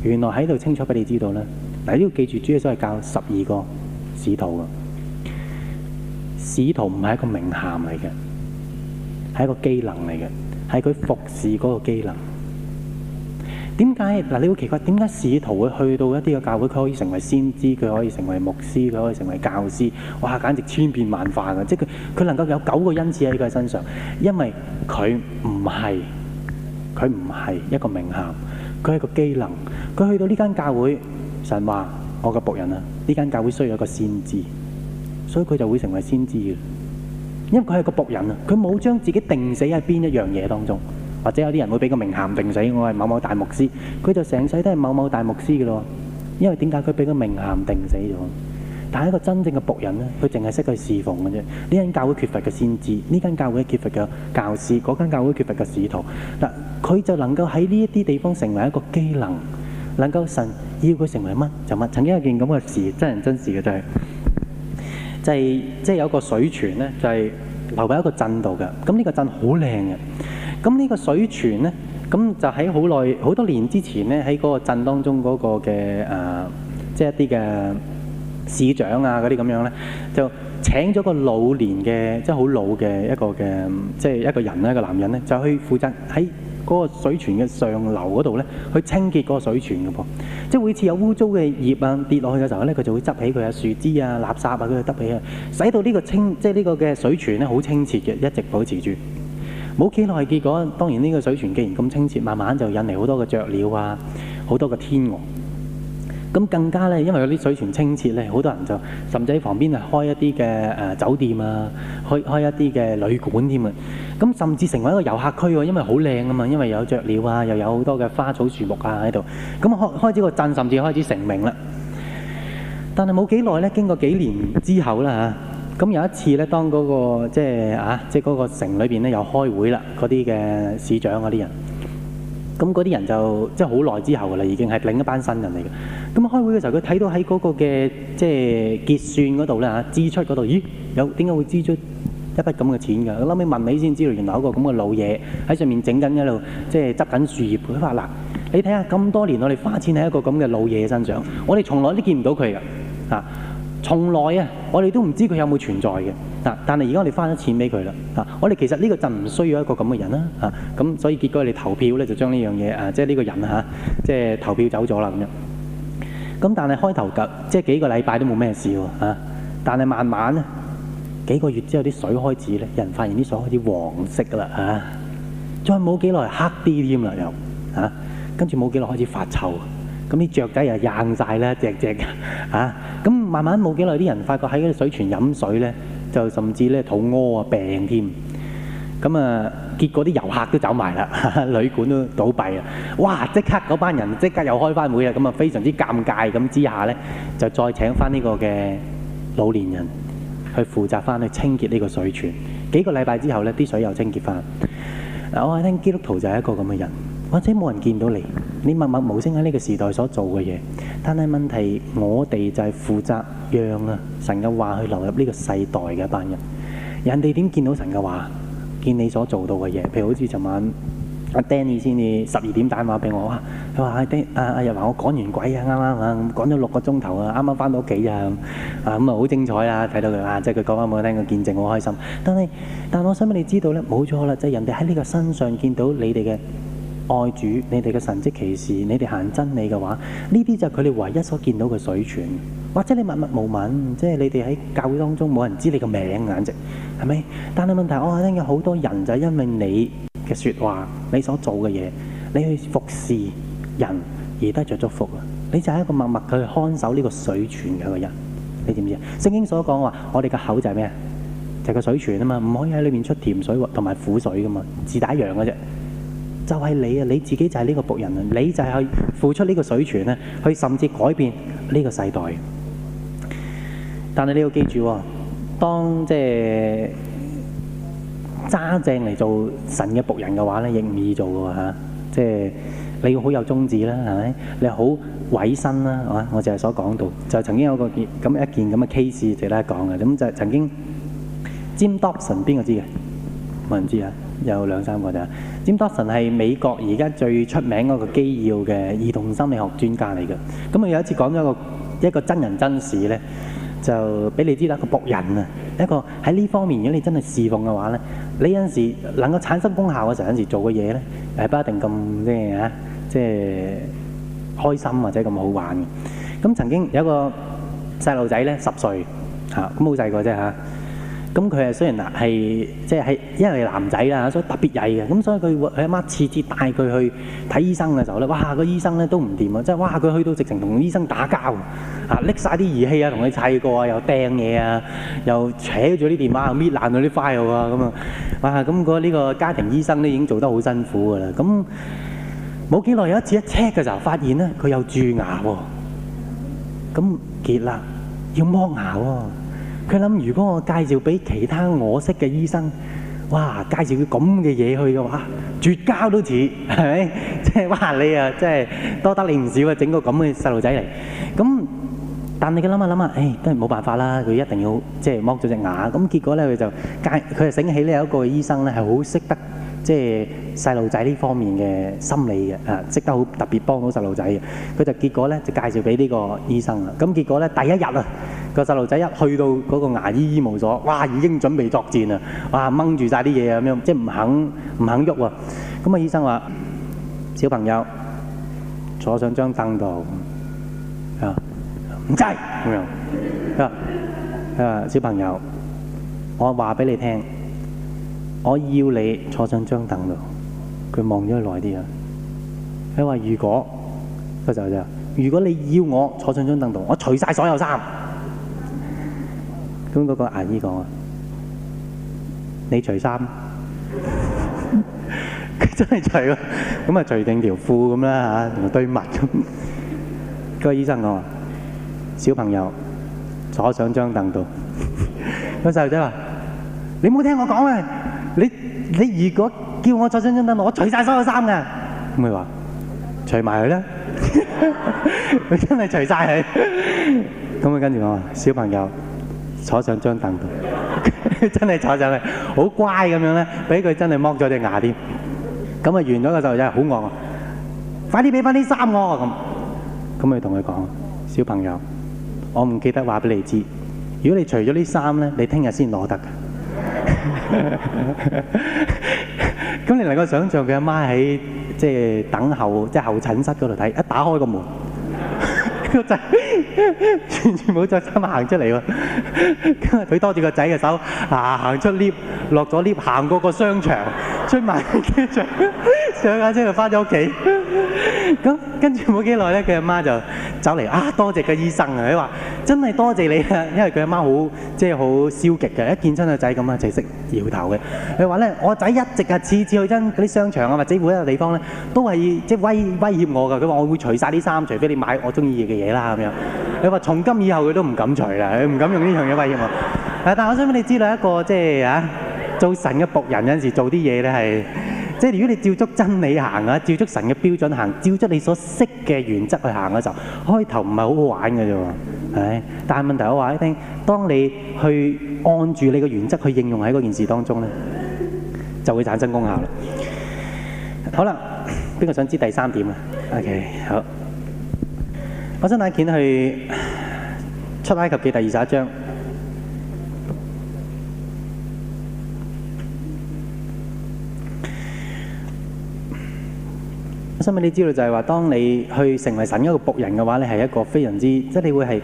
原來喺度清楚俾你知道咧，嗱，呢個記住，主耶穌係教十二個使徒嘅。使徒唔係一個名銜嚟嘅，係一個機能嚟嘅，係佢服侍嗰個機能。點解嗱？你會奇怪點解使徒會去到一啲嘅教會，佢可以成為先知，佢可以成為牧師，佢可以成為教師，哇！簡直千變萬化嘅，即係佢佢能夠有九個恩賜喺佢身上，因為佢唔係佢唔係一個名銜，佢係個機能。佢去到呢間教會，神話我嘅僕人啊，呢間教會需要一個先知，所以佢就會成為先知嘅，因為佢係一個僕人啊，佢冇將自己定死喺邊一樣嘢當中。或者有啲人會俾個名銜定死我，我係某某大牧師，佢就成世都係某某大牧師嘅咯。因為點解佢俾個名銜定死咗？但係一個真正嘅僕人呢，佢淨係識去侍奉嘅啫。呢間教會缺乏嘅先知，呢間教會缺乏嘅教師，嗰間教會缺乏嘅使徒。嗱，佢就能夠喺呢一啲地方成為一個機能，能夠神要佢成為乜就乜。曾經有件咁嘅事，真人真事嘅就係、是，就係即係有個水泉呢，就係流喺一個鎮度嘅。咁呢個鎮好靚嘅。咁呢個水泉咧，咁就喺好耐、好多年之前咧，喺嗰個鎮當中嗰個嘅誒、呃，即係一啲嘅市長啊嗰啲咁樣咧，就請咗個老年嘅、就是，即係好老嘅一個嘅，即係一個人咧，一個男人咧，就去負責喺嗰個水泉嘅上流嗰度咧，去清潔個水泉嘅噃，即係每次有污糟嘅葉啊跌落去嘅時候咧，佢就會執起佢嘅樹枝啊、垃圾啊，佢去執起啊，使到呢個清，即係呢個嘅水泉咧好清澈嘅，一直保持住。冇幾耐，結果當然呢個水泉既然咁清澈，慢慢就引嚟好多嘅雀鳥啊，好多嘅天鵝啊。咁更加呢，因為有啲水泉清澈呢，好多人就甚至喺旁邊啊開一啲嘅、呃、酒店啊，開，開一啲嘅旅館添啊。咁甚至成為一個遊客區喎啊，因為好靚啊嘛，因為有雀鳥啊，又有好多嘅花草樹木啊喺度。咁開開始個鎮甚至開始成名啦。但係冇幾耐呢，經過幾年之後啦有一次咧，當嗰、嗰個即係啊，即係嗰個城裏邊咧又開會啦，嗰啲嘅市長嗰啲人，咁嗰啲人就即係好耐之後噶啦，已經係另一班新人嚟嘅。咁開會嘅時候，佢睇到喺嗰個嘅即係結算嗰度咧嚇，支出嗰度，咦，有點解會支出一筆咁嘅錢㗎？後尾問起先知道，原來有一個咁嘅老嘢喺上面整緊一路，即係執緊樹葉佢話：嗱，你睇下咁多年，我哋花錢喺一個咁嘅老嘢身上，我哋從來都見唔到佢㗎，啊！從來啊，我哋都唔知佢有冇存在嘅嗱，但係而家我哋翻咗錢俾佢啦啊！我哋其實呢個就唔需要一個咁嘅人啦啊，咁所以結果你投票咧就將呢樣嘢啊，即係呢個人啊即係投票走咗啦咁樣。咁但係開頭即係幾個禮拜都冇咩事喎、啊、但係慢慢咧幾個月之後啲水開始咧，人發現啲水開始黃色㗎啦嚇、啊，再冇幾耐黑啲添啦又啊，跟住冇幾耐開始發臭。咁啲雀仔又硬曬啦，隻隻啊！咁慢慢冇幾耐，啲人發覺喺啲水泉飲水咧，就甚至咧肚屙啊病添。咁啊，結果啲遊客都走埋啦，旅館都倒閉啦！哇！即刻嗰班人即刻又開翻會啊！咁啊，非常之尷尬咁之下咧，就再請翻呢個嘅老年人去負責翻去清潔呢個水泉。幾個禮拜之後咧，啲水又清潔翻，啊。我係聽基督徒就係一個咁嘅人。或者冇人見到你，你默默無聲喺呢個時代所做嘅嘢。但係問題，我哋就係負責讓啊神嘅話去流入呢個世代嘅一班人。人哋點見到神嘅話？見你所做到嘅嘢，譬如好似尋晚阿 Danny 先至十二點打電話俾我，佢話阿 d e 阿阿日話我趕完鬼啊，啱啱啊，趕咗六個鐘頭啊，啱啱翻到屋企啊，啊咁啊好精彩啦！睇到佢啊，即係佢講翻俾我聽，佢見證好開心。但係但係，我想俾你知道咧，冇錯啦，即係人哋喺呢個身上見到你哋嘅。愛主，你哋嘅神蹟奇事，你哋行真理嘅話，呢啲就佢哋唯一所見到嘅水泉。或者你默默無聞，即係你哋喺教會當中冇人知道你個名，簡直係咪？但係問題是，我聽有好多人就係因為你嘅說話，你所做嘅嘢，你去服侍人而得着祝福啊！你就係一個默默去看守呢個水泉嘅個人，你知唔知啊？聖經所講話，我哋嘅口就係咩啊？就係個水泉啊嘛，唔可以喺裏面出甜水喎，同埋苦水噶嘛，自打樣嘅啫。就係你啊！你自己就係呢個僕人啊！你就係去付出呢個水泉啊，去甚至改變呢個世代。但係你要記住，當即係揸正嚟做神嘅僕人嘅話咧，亦唔易做㗎嚇、啊。即係你要好有宗旨啦，係咪？你好委身啦，係、啊、嘛？我淨係所講到就曾經有個咁一件咁嘅 case 就咧講嘅咁就曾經尖刀神邊個知嘅？冇人知啊！有兩三個咋？Jim Dobson 係美國而家最出名嗰個機要嘅兒童心理學專家嚟嘅，咁啊有一次講咗一個一個真人真事咧，就俾你知啦，一個僕人啊，一個喺呢方面如果你真係侍奉嘅話咧，你有陣時能夠產生功效嘅時候，有陣時做嘅嘢咧係不一定咁咩啊，即係開心或者咁好玩。咁曾經有一個細路仔咧十歲嚇，咁好細個啫嚇。咁佢係雖然係係即係因為佢係男仔啦，所以特別曳嘅。咁所以佢佢阿媽次次帶佢去睇醫生嘅時候咧，哇、個醫生咧都唔掂啊！即係哇佢去到直情同醫生打交啊，拎曬啲儀器啊，同佢砌過啊，又掟嘢啊，又扯咗啲電話，又搣爛咗啲花喎咁啊！哇咁個呢個家庭醫生咧已經做得好辛苦噶啦。咁冇幾耐有一次一 check 嘅時候，發現咧佢有蛀牙喎，咁結啦要剝牙喎。佢諗：如果我介紹俾其他我識嘅醫生，哇！介紹佢咁嘅嘢去嘅話，絕交都似，係咪？即係哇！你啊，即係多得你唔少啊！整個咁嘅細路仔嚟，咁但係佢諗下諗下，誒都係冇辦法啦！佢一定要即係剝咗隻牙，咁結果咧，佢就介佢就醒起呢有一個醫生咧係好識得。即係細路仔呢方面嘅心理嘅，啊，識得好特別幫，幫到細路仔嘅。佢就結果咧，就介紹俾呢個醫生啦。咁結果咧，第一日啊，個細路仔一去到嗰個牙醫醫務所，哇，已經準備作戰啊，哇，掹住晒啲嘢咁樣，即係唔肯唔肯喐啊。咁啊，醫生話：小朋友坐上張凳度啊，唔制咁樣啊，啊，小朋友，我話俾你聽。我要你坐上張凳度，佢望咗佢耐啲啊！佢話：如果個細路仔，如果你要我坐上張凳度，我除晒所有衫。咁嗰個阿姨講啊，你除衫，佢 真係除啊！咁啊，除定條褲咁啦嚇，同埋對襪咁。嗰個醫生講：小朋友坐上張凳度。個細路仔話：你唔好聽我講啊！你如果叫我坐上張凳，我除曬所有衫㗎。咁佢話：除埋佢啦。佢真係除曬佢。咁佢跟住我話：小朋友，坐上張凳度。真係坐上去，好乖咁樣咧，俾佢真係剝咗隻牙添。咁啊完咗個時候，真係好惡，快啲俾翻啲衫我。咁咁佢同佢講：小朋友，我唔記得話俾你知，如果你除咗啲衫咧，你聽日先攞得㗎。咁 你能夠想象佢阿媽喺即係等候，即係候診室嗰度睇，一打開個門，個仔。 完全冇着衫行出嚟喎，跟住佢多住個仔嘅手，行行出 lift，落咗 lift，行過個商場，追埋機場，上架車就翻咗屋企。咁 跟住冇幾耐咧，佢阿媽就走嚟啊，多謝個醫生啊，佢話真係多謝,謝你啊，因為佢阿媽好即係好消極嘅，一見親個仔咁啊就識、是、搖頭嘅。佢話咧我仔一直啊次次去親嗰啲商場啊或者每一個地方咧都係即係威威脅我噶，佢話我會除晒啲衫，除非你買我中意嘅嘢啦咁樣。你話從今以後佢都唔敢除啦，佢唔敢用呢樣嘢威嘅嘛。但係我想俾你知道一個，即係吓做神嘅僕人有陣時做啲嘢咧，係即係如果你照足真理行啊，照足神嘅標準行，照足你所識嘅原則去行嘅時候開頭唔係好好玩嘅啫。係，但係問題我話你聽，當你去按住你嘅原則去應用喺嗰件事當中咧，就會產生功效啦。好啦，邊個想知第三點啊？OK，好。我身係見去出埃及記第二十一章。我想畀你知道就係話，當你去成為神一個僕人嘅話，你係一個非常之即係你會係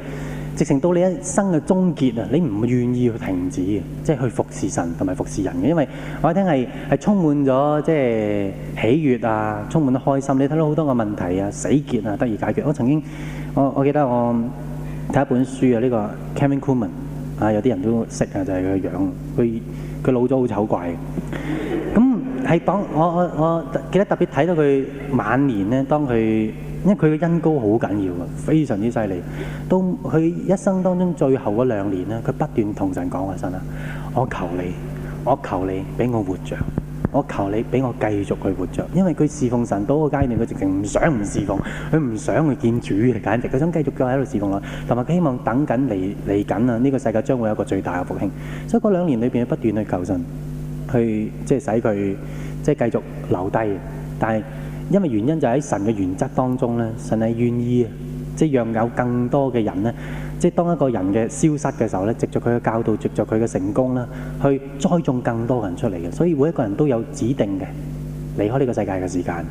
直情到你一生嘅終結啊！你唔願意去停止即係去服侍神同埋服侍人嘅。因為我一聽係係充滿咗即係喜悅啊，充滿咗開心。你睇到好多個問題啊、死結啊，得以解決。我曾經。我我記得我睇一本書啊，呢、這個 Kathryn Kuhlman 啊，有啲人都識啊，就係佢個樣子。佢佢老咗好醜怪咁係當我我我記得特別睇到佢晚年咧，當佢因為佢嘅恩膏好緊要啊，非常之犀利。都佢一生當中最後嗰兩年咧，佢不斷同神講話神啊，我求你，我求你俾我活着。我求你俾我繼續去活着，因為佢侍奉神到個階段，佢直情唔想唔侍奉，佢唔想去見主嘅，簡直，佢想繼續再喺度侍奉啦，同埋佢希望等緊嚟嚟緊啊！呢、這個世界將會有一個最大嘅復興，所以嗰兩年裏邊不斷去求神，去即係、就是、使佢即係繼續留低。但係因為原因就喺神嘅原則當中咧，神係願意即係、就是、讓有更多嘅人咧。即係當一個人嘅消失嘅時候咧，藉着佢嘅教導，藉着佢嘅成功啦，去栽種更多人出嚟嘅。所以每一個人都有指定嘅離開呢個世界嘅時間。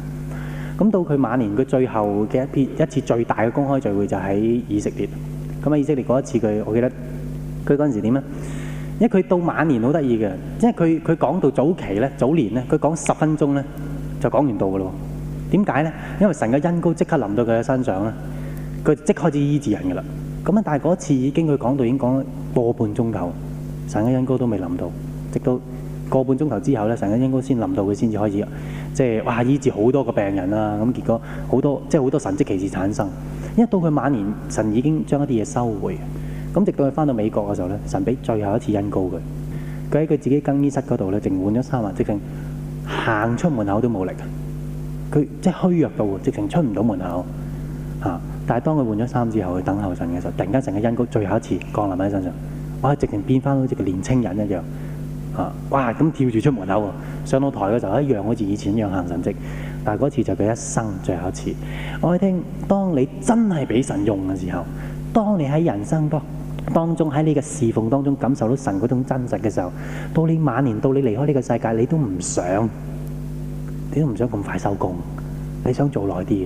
咁到佢晚年，佢最後嘅一一次最大嘅公開聚會就喺以色列。咁啊，以色列嗰一次佢，我記得佢嗰陣時點咧，因為佢到晚年好得意嘅，因為佢佢講到早期咧、早年咧，佢講十分鐘咧就講完到嘅咯。點解咧？因為神嘅恩膏即刻臨到佢嘅身上咧，佢即開始醫治人嘅啦。咁但係嗰次已經佢講到已經講咗個半鐘頭，神嘅恩膏都未臨到，直到個半鐘頭之後咧，神嘅恩膏先臨到他才可以，佢先至開始即係哇醫治好多個病人啦！咁結果好多即係好多神蹟奇事產生。因為到佢晚年，神已經將一啲嘢收回。咁直到佢翻到美國嘅時候咧，神俾最後一次恩膏佢。佢喺佢自己更衣室嗰度咧，淨換咗三萬，直情行出門口都冇力。佢即係虛弱到，直情出唔到門口嚇。但係當佢換咗衫之後，去等候神嘅時候，突然間成個恩膏最後一次降臨喺身上，我哇！直情變翻好似個年青人一樣，嚇、啊！哇！咁跳住出門口喎，上到台嘅時候一樣，好似以前一樣行神跡。但係嗰次就佢一生最後一次。我哋聽，當你真係俾神用嘅時候，當你喺人生當中喺你嘅侍奉當中感受到神嗰種真實嘅時候，到你晚年，到你離開呢個世界，你都唔想，你都唔想咁快收工，你想做耐啲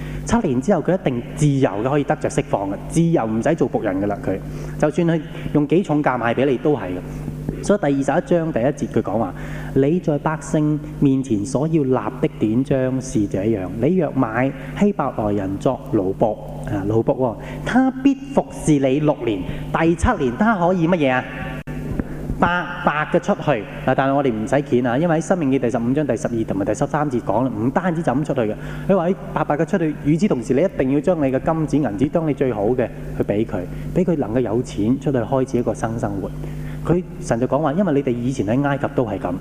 七年之後，佢一定自由嘅可以得着釋放嘅，自由唔使做仆人嘅啦。佢就算佢用幾重價賣俾你都係嘅。所以第二十一章第一節佢講話：你在百姓面前所要立的典章是這樣。你若買希伯來人作奴僕，啊奴僕、哦，他必服侍你六年。第七年，他可以乜嘢啊？白白嘅出去，啊！但係我哋唔使謙啊，因為喺申命記第十五章第十二同埋第十三節講啦，唔單止就咁出去嘅。你話喺白白嘅出去，與此同時，你一定要將你嘅金子銀子當你最好嘅去俾佢，俾佢能夠有錢出去開始一個新生活。佢神就講話，因為你哋以前喺埃及都係咁，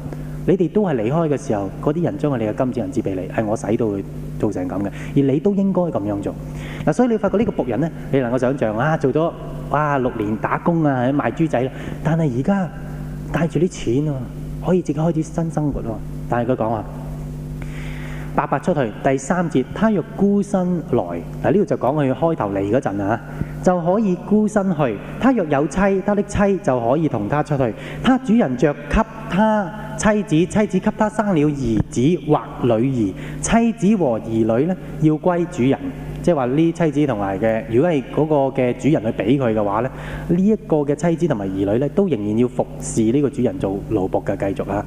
你哋都係離開嘅時候，嗰啲人將你嘅金子銀子俾你，係我使到佢做成咁嘅，而你都應該咁樣做。嗱，所以你發覺呢個僕人咧，你能夠想象啊，做咗哇六年打工啊，賣豬仔啦，但係而家。帶住啲錢啊，可以自己開始新生活咯、啊。但係佢講話，白白出去第三節，他若孤身來，嗱呢度就講佢開頭嚟嗰陣啊，就可以孤身去。他若有妻，他的妻就可以同他出去。他主人着給他妻子，妻子給他生了兒子或女兒，妻子和兒女呢，要歸主人。即係話呢妻子同埋嘅，如果係嗰個嘅主人去俾佢嘅話咧，呢、這、一個嘅妻子同埋兒女咧，都仍然要服侍呢個主人做奴僕嘅繼續啊。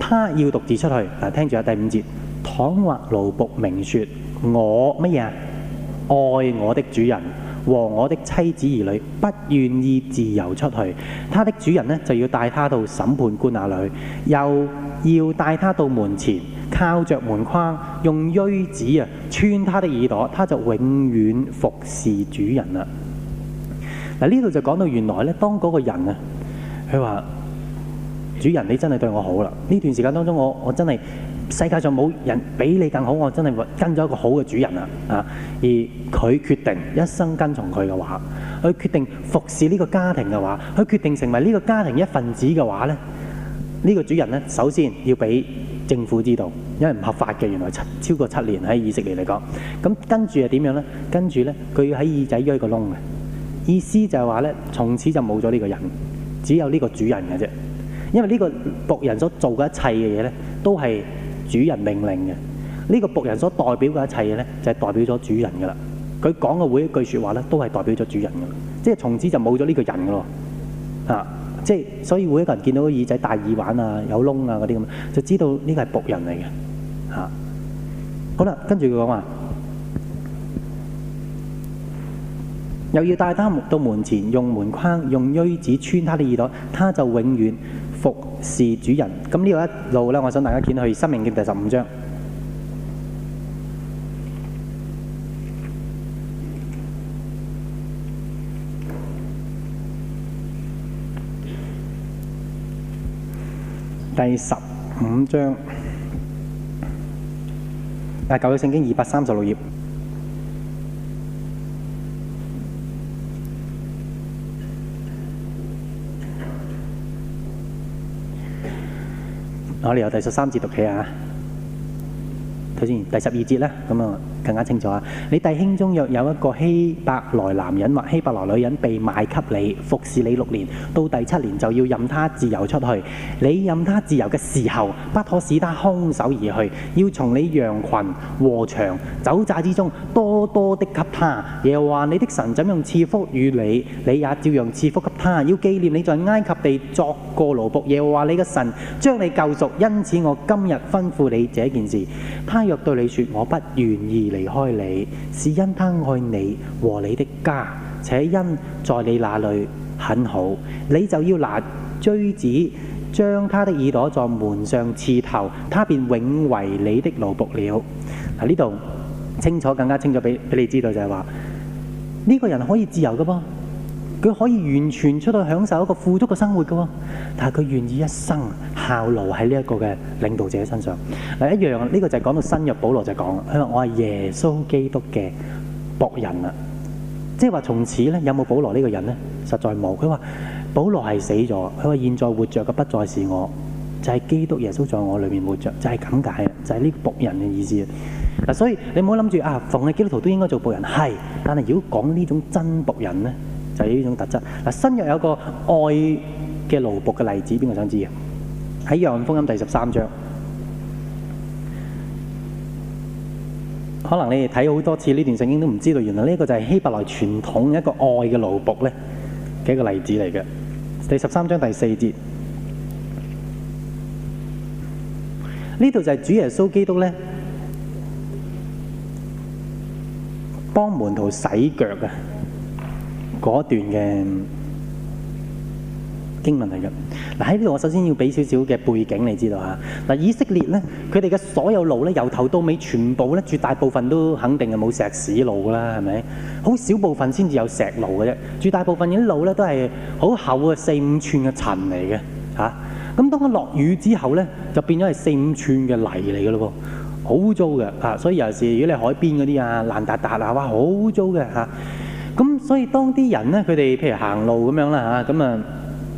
他要獨自出去嗱，聽住啊第五節，倘若奴僕明説我乜嘢愛我的主人和我的妻子兒女，不願意自由出去，他的主人呢，就要帶他到審判官那、啊、裏又。要帶他到門前，靠着門框，用錐子啊穿他的耳朵，他就永遠服侍主人啦。嗱，呢度就講到原來咧，當嗰個人啊，佢話：主人，你真係對我好啦！呢段時間當中，我我真係世界上冇人比你更好，我真係跟咗一個好嘅主人啦啊！而佢決定一生跟從佢嘅話，佢決定服侍呢個家庭嘅話，佢決定成為呢個家庭的一份子嘅話咧。呢個主人呢，首先要俾政府知道，因為唔合法嘅。原來七超過七年，喺以色列嚟講，咁跟住係點樣呢？跟住呢，佢要喺耳仔鋸個窿嘅。意思就係話呢，從此就冇咗呢個人，只有呢個主人嘅啫。因為呢個僕人所做嘅一切嘅嘢呢，都係主人命令嘅。呢個僕人所代表嘅一切嘢呢，就係代表咗主人嘅啦。佢講嘅每一句説話呢，都係代表咗主人嘅，即係從此就冇咗呢個人嘅咯，啊。即係，所以每一個人見到個耳仔戴耳環啊、有窿啊嗰啲咁，就知道呢個係僕人嚟嘅。嚇、啊，好啦，跟住佢講話，又要帶他到門前，用門框用錐子穿他的耳朵，他就永遠服侍主人。咁呢個一路咧，我想大家見到佢《申命記》第十五章。第十五章，啊，舊約聖經二百三十六頁，我哋由第十三節讀起啊，睇先，第十二節啦，咁啊。更加清楚啊！你弟兄中若有一個希伯來男人或希伯來女人被賣給你服侍你六年，到第七年就要任他自由出去。你任他自由嘅時候，不可使他空手而去，要從你羊群禾場、酒醡之中多多的給他。耶和華你的神怎樣賜福與你，你也照樣賜福給他。要記念你在埃及地作過奴僕，耶和華你的神將你救贖，因此我今日吩咐你這件事：他若對你說我不願意，離開你，是因他愛你和你的家，且因在你那裏很好。你就要拿錐子將他的耳朵在門上刺透，他便永為你的奴僕了。嗱，呢度清楚更加清楚俾俾你知道就，就係話呢個人可以自由噶噃。佢可以完全出去享受一個富足嘅生活嘅喎。哦，但係佢願意一生效勞喺呢一個嘅領導者身上嗱，一樣呢，這個就係講到新約。保羅就講啦，佢話我係耶穌基督嘅僕人啦，即係話從此咧有冇保羅呢個人咧？實在冇。佢話保羅係死咗，佢話現在活着嘅不再是我，就係、是、基督耶穌在我裏面活着，就係咁解就係呢個僕人嘅意思嗱。所以你唔好諗住啊，凡係基督徒都應該做僕人係，但係如果講呢種真僕人咧？就係呢種特質。嗱，新約有一個愛嘅奴僕嘅例子，邊個想知嘅？喺《約翰福音》第十三章，可能你哋睇好多次呢段聖經都唔知道，原來呢個就係希伯來傳統的一個愛嘅奴僕咧嘅一個例子嚟嘅。第十三章第四節，呢度就係主耶穌基督咧幫門徒洗腳嘅。嗰段嘅經文嚟嘅，嗱，喺呢度我首先要俾少少嘅背景，你知道啊？嗱，以色列咧，佢哋嘅所有路咧，由頭到尾全部咧，絕大部分都肯定係冇石屎路噶啦，係咪？好少部分先至有石路嘅啫，絕大部分啲路咧都係好厚嘅四五寸嘅塵嚟嘅，嚇、啊！咁當佢落雨之後咧，就變咗係四五寸嘅泥嚟嘅咯喎，好污糟嘅啊！所以有時如果你海邊嗰啲啊，爛達達話啊，哇，好污糟嘅嚇。所以當啲人咧，佢哋譬如行路咁樣啦嚇，咁啊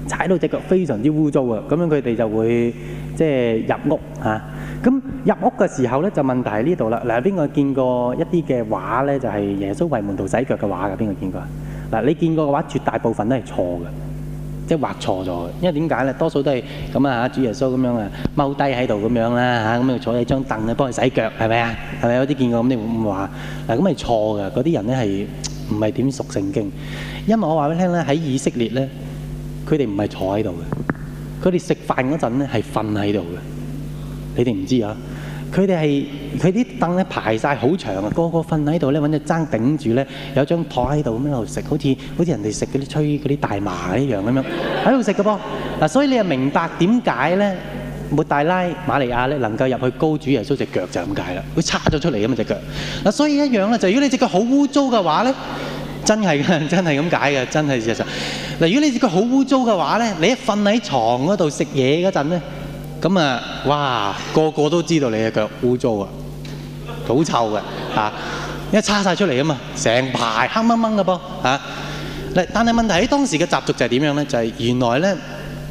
踩到隻腳非常之污糟啊，咁樣佢哋就會即係入屋嚇。咁入屋嘅時候咧，就問題喺呢度啦。嗱，邊個見過一啲嘅畫咧？就係耶穌為門徒洗腳嘅畫嘅？邊個見過？嗱，你見過嘅畫絕大部分都係錯嘅，即係畫錯咗嘅。因為點解咧？多數都係咁啊嚇，主耶穌咁樣啊踎低喺度咁樣啦嚇，咁啊坐喺張凳啊幫佢洗腳，係咪啊？係咪有啲見過咁？你會唔會話？嗱咁係錯嘅，嗰啲人咧係。唔係點熟聖經，因為我話俾你聽咧，喺以色列咧，佢哋唔係坐喺度嘅，佢哋食飯嗰陣咧係瞓喺度嘅，你哋唔知啊？佢哋係佢啲凳咧排晒好長啊，個個瞓喺度咧揾隻踭頂住咧，有張台喺度咁喺度食，好似好似人哋食嗰啲吹嗰啲大麻一樣咁樣喺度食嘅噃。嗱，所以你又明白點解咧？抹大拉瑪利亞咧，能夠入去高主耶穌隻腳就咁解啦，佢叉咗出嚟啊嘛隻腳。嗱，所以一樣啦，就如果你隻腳好污糟嘅話咧，真係嘅，真係咁解嘅，真係事實。嗱，如果你隻腳好污糟嘅話咧，你一瞓喺床嗰度食嘢嗰陣咧，咁啊，哇，個個都知道你隻腳污糟啊，好臭嘅啊，一叉晒出嚟啊嘛，成排黑掹掹嘅噃啊。嗱，但係問題喺當時嘅習俗就係點樣咧？就係、是、原來咧。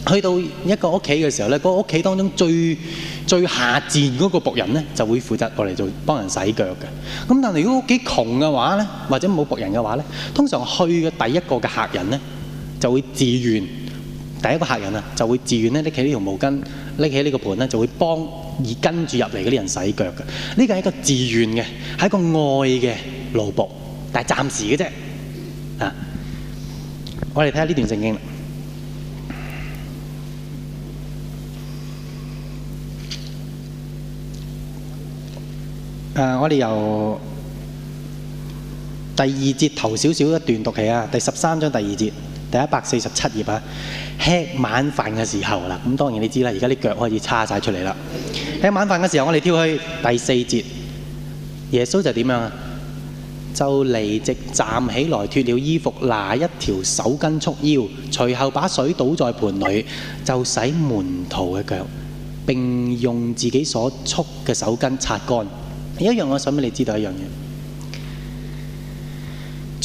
去到一個屋企嘅時候咧，嗰個屋企當中最最下賤嗰個僕人咧，就會負責過嚟做幫人洗腳嘅。咁但係如果屋企窮嘅話咧，或者冇僕人嘅話咧，通常去嘅第一個嘅客人咧，就會自願第一個客人啊，就會自願咧拎起呢條毛巾，拎起呢個盆咧，就會幫而跟住入嚟嗰啲人洗腳嘅。呢個係一個自願嘅，係一個愛嘅奴僕。但係暫時嘅啫。啊，我哋睇下呢段聖經啊、我哋由第二節頭少少一段讀起啊。第十三章第二節，第一百四十七頁啊。吃晚飯嘅時候啦，咁當然你知啦。而家啲腳開始叉曬出嚟啦。吃晚飯嘅時候，我哋跳去第四節。耶穌就點樣啊？就離席站起來，脫了衣服，拿一條手巾束腰，隨後把水倒在盆裏，就洗門徒嘅腳，並用自己所束嘅手巾擦乾。一樣我想俾你知道一樣嘢，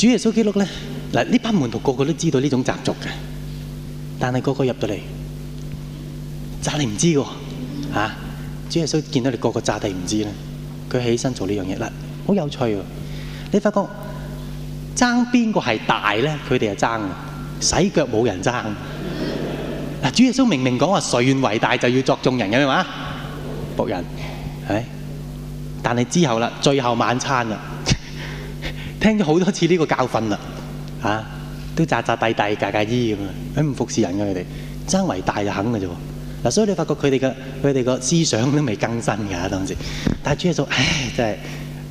主耶穌基督呢，嗱呢班門徒個個都知道呢種習俗嘅，但係個個入到嚟，詐你唔知喎，啊主耶穌見到你個個詐地唔知呢，佢起身做呢樣嘢啦，好，啊，有趣喎！你發覺爭邊個係大呢？佢哋係爭，洗腳冇人爭。主耶穌明明講話，誰願為大就要作眾人嘅咩嘛？僕人，係但係之後啦，最後晚餐啦，聽咗好多次呢個教訓啦，嚇都咋咋地地、格格依咁啊，佢唔服侍人噶佢哋，爭為大就肯嘅啫喎。嗱，所以你發覺佢哋嘅佢哋個思想都未更新㗎當時。但係主耶穌，唉、哎，真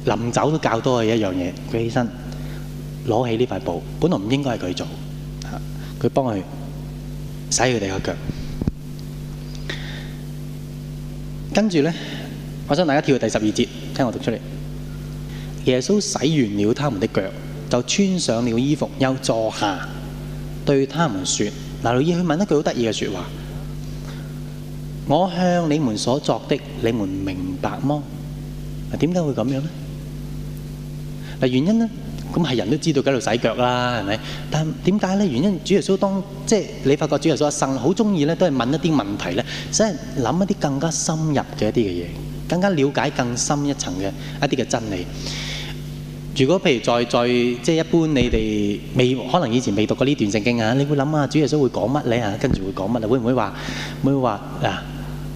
係臨走都教多佢一樣嘢。佢起身攞起呢塊布，本來唔應該係佢做，嚇佢幫佢洗佢哋嘅腳。跟住咧。我想大家跳到第十二節，聽我讀出嚟。耶穌洗完了他們的腳，就穿上了衣服，又坐下，對他們說：嗱，留意問一句好得意嘅說話，我向你們所作的，你們明白麼？啊，點解會咁樣咧？嗱，原因咧，咁係人都知道喺度洗腳啦，係咪？但點解咧？原因，主耶穌當即你發覺主耶穌一生好中意咧，都係問一啲問題咧，即係諗一啲更加深入嘅一啲嘅嘢。更加了解更深一層嘅一啲嘅真理。如果譬如再再即係一般你哋未可能以前未讀過呢段聖經啊，你會諗下啊，主耶穌會講乜咧啊？跟住會講乜啊？會唔會話？會唔會話，嗱，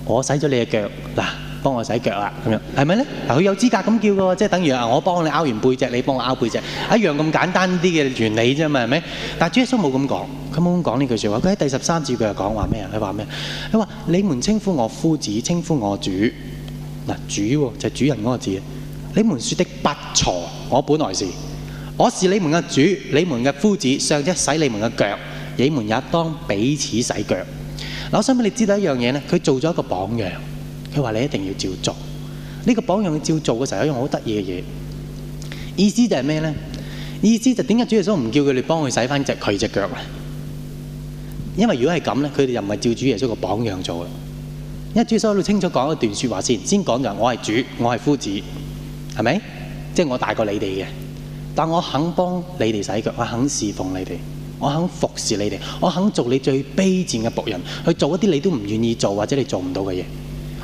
我洗咗你嘅腳，嗱，啊，幫我洗腳啊，咁樣係咪咧？嗱，佢有資格咁叫嘅喎，即係等於啊，於我幫你拗完背脊，你幫我拗背脊，一樣咁簡單啲嘅原理啫嘛，係咪？但係主耶穌冇咁講，佢冇咁講呢句説話。佢喺第十三節佢又講話咩啊？佢話咩？佢話你們稱呼我夫子，稱呼我主。嗱，主就係主人嗰個字啊！你們説的不錯，我本來是，我是你們嘅主，你們嘅夫子，尚且洗你們嘅腳，你們也當彼此洗腳。嗱，我想俾你知道一樣嘢咧，佢做咗一個榜樣，佢話你一定要照做。呢個榜樣照做嘅時候有一樣好得意嘅嘢，意思就係咩咧？意思就點解主耶穌唔叫佢哋幫佢洗翻隻佢隻腳咧？因為如果係咁咧，佢哋就唔係照主耶穌嘅榜樣做啦。一主所都清楚講一段説話先，先講就我係主，我係夫子，係咪？即係我大過你哋嘅，但我肯幫你哋洗腳，我肯侍奉你哋，我肯服侍你哋，我肯做你最卑賤嘅僕人，去做一啲你都唔願意做或者你做唔到嘅嘢。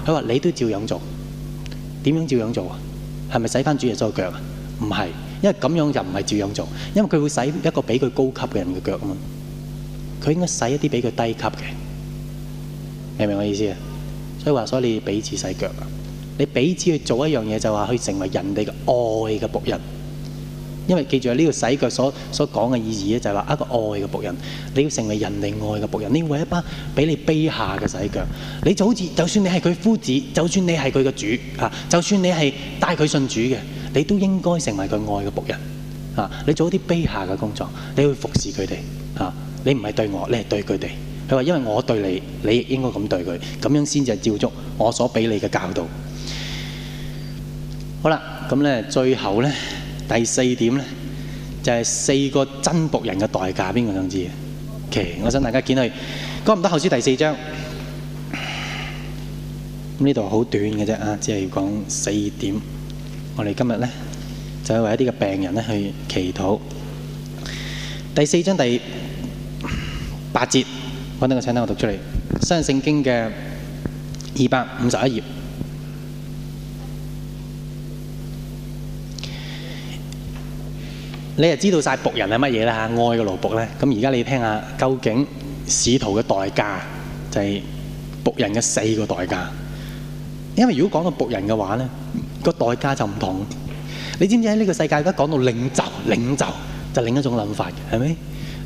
佢話你都照樣做，點樣照樣做啊？係咪洗翻主嘅左腳啊？唔係，因為咁樣就唔係照樣做，因為佢會洗一個比佢高級嘅人嘅腳啊。佢應該洗一啲比佢低級嘅，明唔明我意思啊？所以話，所以你要彼此洗腳啊！你彼此去做一樣嘢，就話去成為人哋嘅愛嘅僕人。因為記住喺呢個洗腳所所講嘅意義咧，就係話一個愛嘅僕人，你要成為人哋愛嘅僕人。你要為一班比你卑下嘅洗腳，你就好似就算你係佢夫子，就算你係佢嘅主嚇，就算你係帶佢信主嘅，你都應該成為佢愛嘅僕人嚇。你做一啲卑下嘅工作，你去服侍佢哋嚇，你唔係對我，你係對佢哋。佢話：因為我對你，你亦應該咁對佢，咁樣先至係照足我所俾你嘅教導。好啦，咁咧最後咧第四點咧就係四個真僕人嘅代價，邊個想知？其實我想大家見佢，講唔到，後書第四章咁呢度好短嘅啫啊，只係要講四點。我哋今日咧就係為一啲嘅病人咧去祈禱。第四章第八節。揾到個請單，我讀出嚟。新聖經嘅二百五十一頁，你又知道晒僕人係乜嘢啦？吓，愛嘅奴僕呢。咁而家你聽下，究竟使徒嘅代價就係僕人嘅四個代價。因為如果講到僕人嘅話呢，個代價就唔同。你知唔知喺呢個世界而家講到領袖，領袖就另一種諗法嘅，係咪？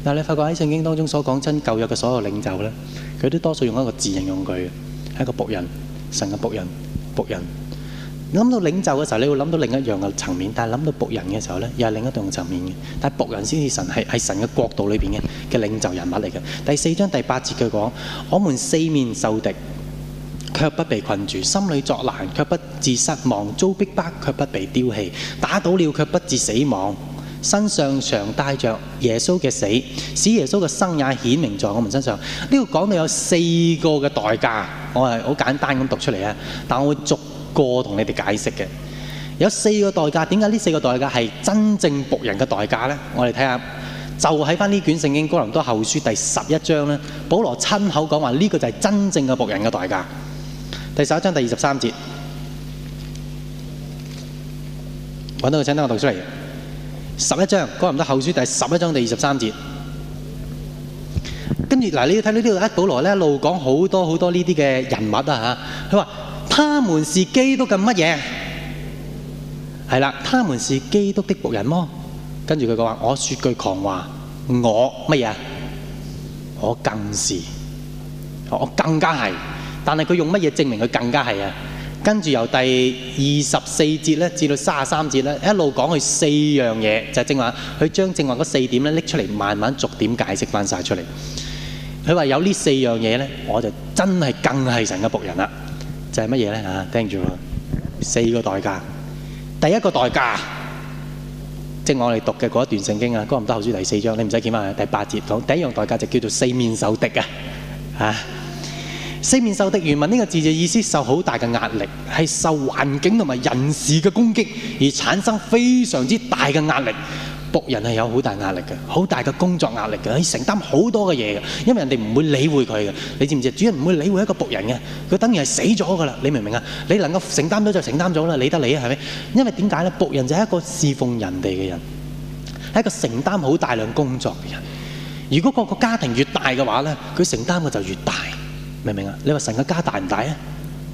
但係，你發覺喺聖經當中所講真舊約嘅所有領袖咧，佢都多數用一個字形容佢嘅，係一個僕人，神嘅僕人，僕人。諗到領袖嘅時候，你會諗到另一樣嘅層面，但係諗到僕人嘅時候咧，又係另一樣嘅層面嘅。但係僕人先至神係係神嘅國度裏邊嘅嘅領袖人物嚟嘅。第四章第八節佢講：我們四面受敵，卻不被困住；心裏作難，卻不致失望；遭逼迫，卻不被丟棄；打倒了，卻不致死亡。身上常帶着耶穌嘅死，使耶穌嘅生也顯明在我們身上。呢個講到有四個嘅代價，我係好簡單咁讀出嚟啊！但我會逐個同你哋解釋嘅。有四個代價，點解呢四個代價係真正僕人嘅代價呢？我哋睇下，就喺翻呢卷聖經哥林多後書第十一章呢，保羅親口講話呢個就係真正嘅僕人嘅代價。第十一章第二十三節，搵到請等我讀出嚟。十一章，哥林多後書第十一章第二十三節。跟住嗱，你要睇呢啲啊，保羅咧一路講好多好多呢啲嘅人物啊嚇。佢話：他們是基督嘅乜嘢？係啦，他們是基督的僕人麼？跟住佢講話，我説句狂話，我乜嘢？我更是，我更加係。但係佢用乜嘢證明佢更加係啊？跟住由第二十四節咧至到三十三節咧，一路講佢四樣嘢，就係、是、正話，佢將正話嗰四點咧拎出嚟，慢慢逐點解釋翻晒出嚟。佢話有呢四樣嘢咧，我就真係更係神嘅僕人啦。就係乜嘢咧嚇？聽住啊，四個代價。第一個代價，即係我哋讀嘅嗰一段聖經啊，哥林多後書第四章，你唔使記嘛，第八節。第一樣代價就叫做四面受敵啊，嚇！四面受敵，原文呢個字嘅意思，受好大嘅壓力，係受環境同埋人事嘅攻擊，而產生非常之大嘅壓力。僕人係有好大壓力嘅，好大嘅工作壓力嘅，要承擔好多嘅嘢嘅，因為人哋唔會理會佢嘅。你知唔知啊？主人唔會理會一個僕人嘅，佢等於係死咗噶啦。你明唔明啊？你能夠承擔咗就承擔咗啦，理得你啊，係咪？因為點解咧？僕人就係一個侍奉人哋嘅人，係一個承擔好大量工作嘅人。如果個個家庭越大嘅話咧，佢承擔嘅就越大。明唔明啊？你話神嘅家大唔大啊？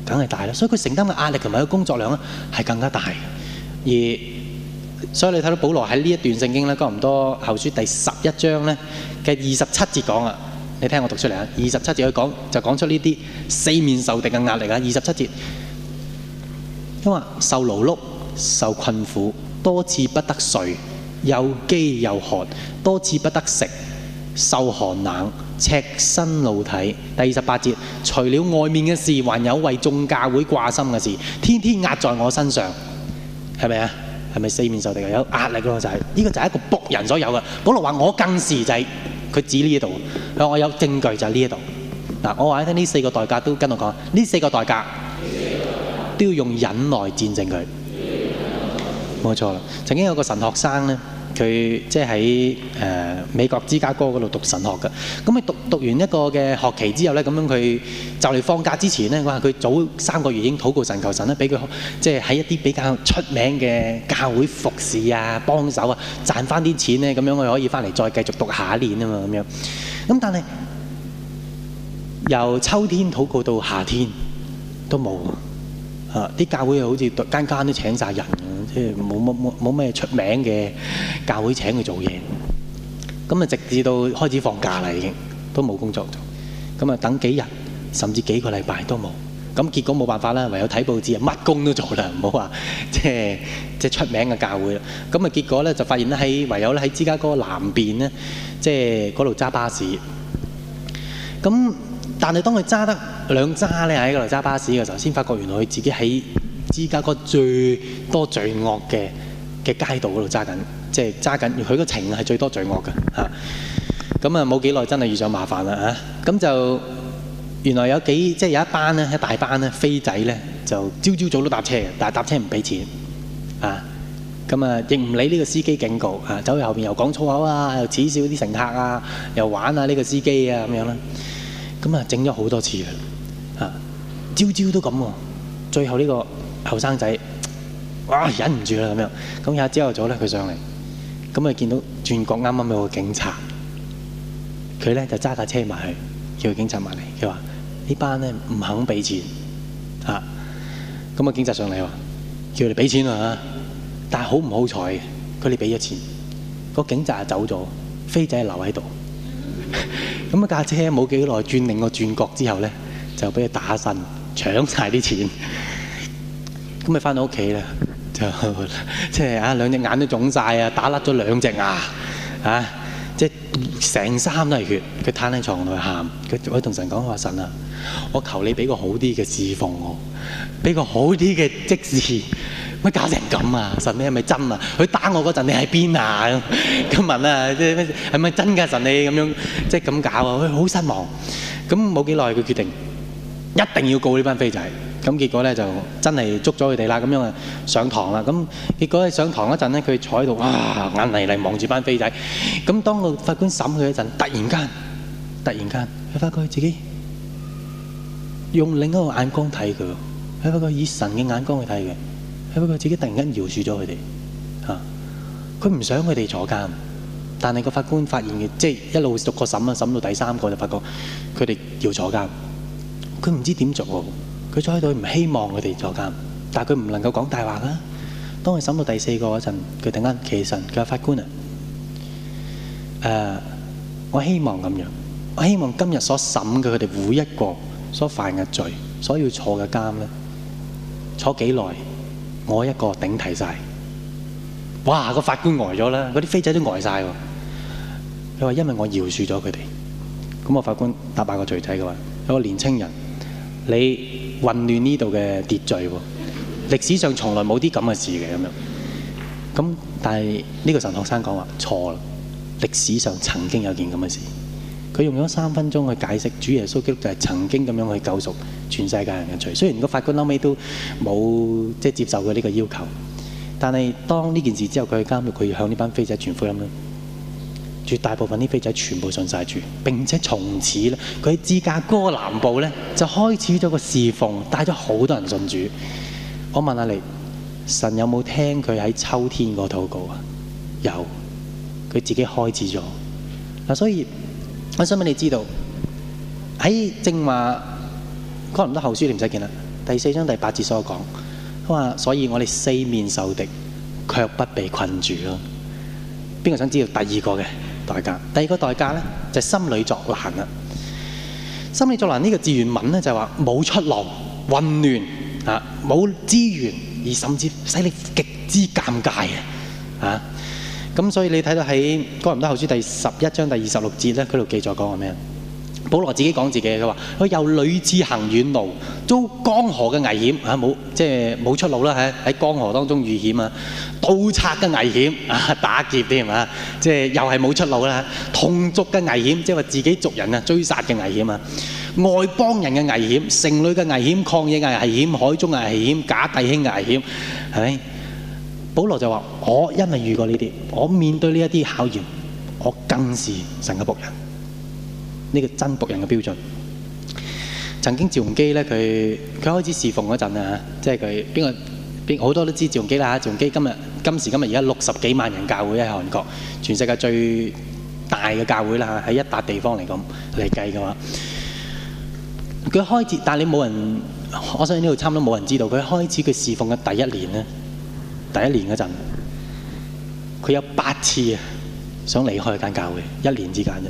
梗係大啦，所以佢承擔嘅壓力同埋個工作量咧係更加大。而所以你睇到保羅喺呢一段聖經咧，哥林多後書第十一章咧嘅二十七節講啊，你聽我讀出嚟啊。二十七節佢講就講出呢啲四面受敵嘅壓力啊。二十七節，因為受勞碌、受困苦、多次不得睡、又饑又寒、多次不得食、受寒冷，赤身露體，第二十八節，除了外面嘅事，還有為眾教會掛心嘅事，天天壓在我身上，係咪啊？係咪四面受敵？有壓力咯，就係、是、呢、呢個就係一個僕人所有嘅。保羅話我更事、就是就係佢指呢度，佢話我有證據就係呢一度。嗱，我話你聽呢四個代價都跟我講，呢四個代價，四個代價都要用忍耐戰勝佢，冇錯啦。曾經有個神學生咧。佢即係喺誒美國芝加哥嗰度讀神學嘅，咁佢讀讀完一個嘅學期之後咧，咁樣佢就嚟放假之前咧，我話佢早三個月已經禱告神求神咧，俾佢即係喺一啲比較出名嘅教會服侍啊、幫手啊，賺翻啲錢咧，咁樣佢可以翻嚟再繼續讀下一年啊嘛，咁樣。咁但係由秋天禱告到夏天都冇，嚇、啊、啲教會好似間間都請晒人。即係冇冇冇冇咩出名嘅教會請佢做嘢，咁啊直至到開始放假啦已經，都冇工作做，咁啊等幾日甚至幾個禮拜都冇，咁結果冇辦法啦，唯有睇報紙啊乜工都做啦，唔好話即係即係出名嘅教會啦，咁啊結果咧就發現咧喺唯有咧喺芝加哥南邊咧，即係嗰度揸巴士，咁但係當佢揸得兩揸咧喺嗰度揸巴士嘅時候，先發覺原來佢自己喺芝加哥最多罪惡嘅嘅街道嗰度揸緊，即係揸緊，佢個情係最多罪惡嘅嚇。咁啊，冇幾耐真係遇上麻煩啦啊！咁就原來有幾即係有一班咧，一大班咧，飛仔咧就朝朝早都搭車嘅，但係搭車唔俾錢啊！咁啊，亦唔理呢個司機警告啊，走去後邊又講粗口啊，又恥笑啲乘客啊，又玩下啊，呢個司機啊咁樣啦。咁啊，整咗好多次啊，朝朝都咁喎啊。最後呢個。後生仔，哇！忍唔住啦咁樣上上，咁有朝頭早咧，佢上嚟，咁啊見到轉角啱啱有個警察，佢咧就揸架車埋去，叫警察埋嚟，佢話：呢班咧唔肯俾錢，咁啊、那個、警察上嚟話：叫你俾錢啊！但好唔好彩佢哋俾咗錢，個警察就走咗，飛仔留喺度。咁啊，架車冇幾耐轉另外轉角之後咧，就俾佢打身搶晒啲錢。咁咪翻到屋企啦，就即係啊兩隻眼都腫晒啊，打甩咗兩隻牙，嚇、啊！即係成身都係血。佢攤喺床度喊，佢仲可以同神講話：神啊，我求你俾個好啲嘅侍奉我，俾個好啲嘅職事，乜搞成咁啊？神你係咪真啊？佢打我嗰陣你喺邊啊？咁問啊，即係咩？係咪真㗎、啊？神你咁樣即係咁搞，啊。佢好失望。咁冇幾耐，佢決定一定要告呢班飛仔。咁結果呢就真係捉咗佢哋啦，咁樣啊上堂啦。咁結果喺上堂嗰陣呢，佢坐喺度，哇眼嚟嚟望住班飛仔。咁當個法官審佢嗰陣，突然間突然間，佢發覺自己用另一個眼光睇佢，佢發覺以神嘅眼光去睇佢，佢發覺自己突然間饒恕咗佢哋。嚇！佢唔想佢哋坐監，但係個法官發現，即係一路逐個審，審到第三個就發覺佢哋要坐監，佢唔知點做喎。佢坐喺度，唔希望佢哋坐監，但係佢唔能夠講大話啦。當佢審到第四個嗰陣，佢突然間企起身，佢話法官啊，誒，我希望咁樣，我希望今日所審嘅佢哋每一個所犯嘅罪，所要坐嘅監咧，坐幾耐，我一個頂替曬。哇！個法官呆咗啦，嗰啲飛仔都呆曬喎。佢話因為我饒恕咗佢哋，咁啊法官打敗個罪仔嘅話，有個年青人，你。混亂呢度嘅秩序喎，歷史上從來冇啲咁嘅事嘅。咁咁，但係呢個神學生講話錯啦，歷史上曾經有件咁嘅事，佢用咗三分鐘去解釋主耶穌基督就係、是、曾經咁樣去救贖全世界人嘅罪，雖然個法官後尾都冇即係接受佢呢個要求，但係當呢件事之後，佢去監獄，佢要向呢班飛仔傳福音啦。絕大部分啲飛仔全部信晒主，並且從此咧，佢喺芝加哥南部咧就開始咗個侍奉，帶咗好多人信主。我問下你，神有冇聽佢喺秋天個禱告啊？有，佢自己開始咗。嗱，所以我想俾你知道喺正話哥林多後書你唔使見啦，第四章第八節所講，佢話：所以我哋四面受敵，卻不被困住咯。邊個想知道第二個嘅？大家，第二個代價咧就係、是、心理作難啦。心理作難呢個字原文咧就話、是、冇出路、混亂啊、冇資源，而甚至使你極之尷尬嘅啊。咁所以你睇到喺《哥林多後書》第十一章第二十六節咧，佢度記咗講緊咩？保羅自己講自己，佢話：佢有屢次行遠路，遭江河嘅危險；嚇、啊、冇即係冇出路啦，喺江河當中遇險啊，盜賊嘅危險啊，打劫添啊，即係又係冇出路啦、啊，同族嘅危險，即係話自己族人啊追殺嘅危險啊，外邦人嘅危險，城裡嘅危險，曠野危險，海中嘅危險，假弟兄嘅危險，係咪？保羅就話：我因為遇過呢啲，我面對呢一啲考驗，我更是神嘅僕人。呢個真僕人嘅標準。曾經趙鏞基咧，佢佢開始侍奉嗰陣啊，即係佢邊個邊好多都知趙鏞基啦。趙鏞基今日今時今日而家六十幾萬人教會喺韓國，全世界最大嘅教會啦，喺、啊、一笪地方嚟講嚟計嘅話，佢開始，但係你冇人，我相信呢度差唔多冇人知道，佢開始佢侍奉嘅第一年咧，第一年嗰陣，佢有八次啊想離開一間教會，一年之間啫。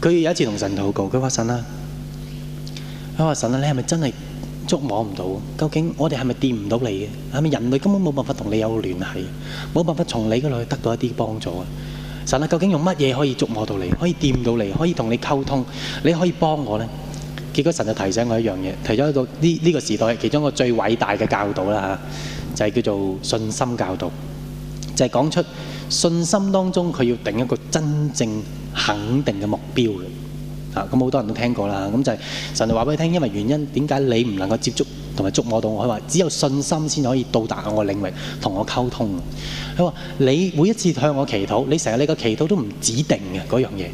佢有一次同神禱告，佢話神啊，佢話神啊，你係咪真係捉摸唔到？究竟我哋係咪掂唔到你嘅？係咪人類根本冇辦法同你有聯繫，冇辦法從你嗰度得到一啲幫助啊？神啊，究竟用乜嘢可以捉摸到你？可以掂到你？可以同你溝通？你可以幫我咧？結果神就提醒我一樣嘢，提咗一個呢呢個時代其中一個最偉大嘅教導啦嚇，就係叫做信心教導，就係講出信心當中佢要定一個真正肯定嘅目標嘅，啊咁好多人都聽過啦，咁就係神就話俾你聽，因為原因點解你唔能夠接觸同埋觸摸到我？佢話只有信心先可以到達我嘅領域，同我溝通。佢話你每一次向我祈禱，你成日你嘅祈禱都唔指定嘅嗰樣嘢，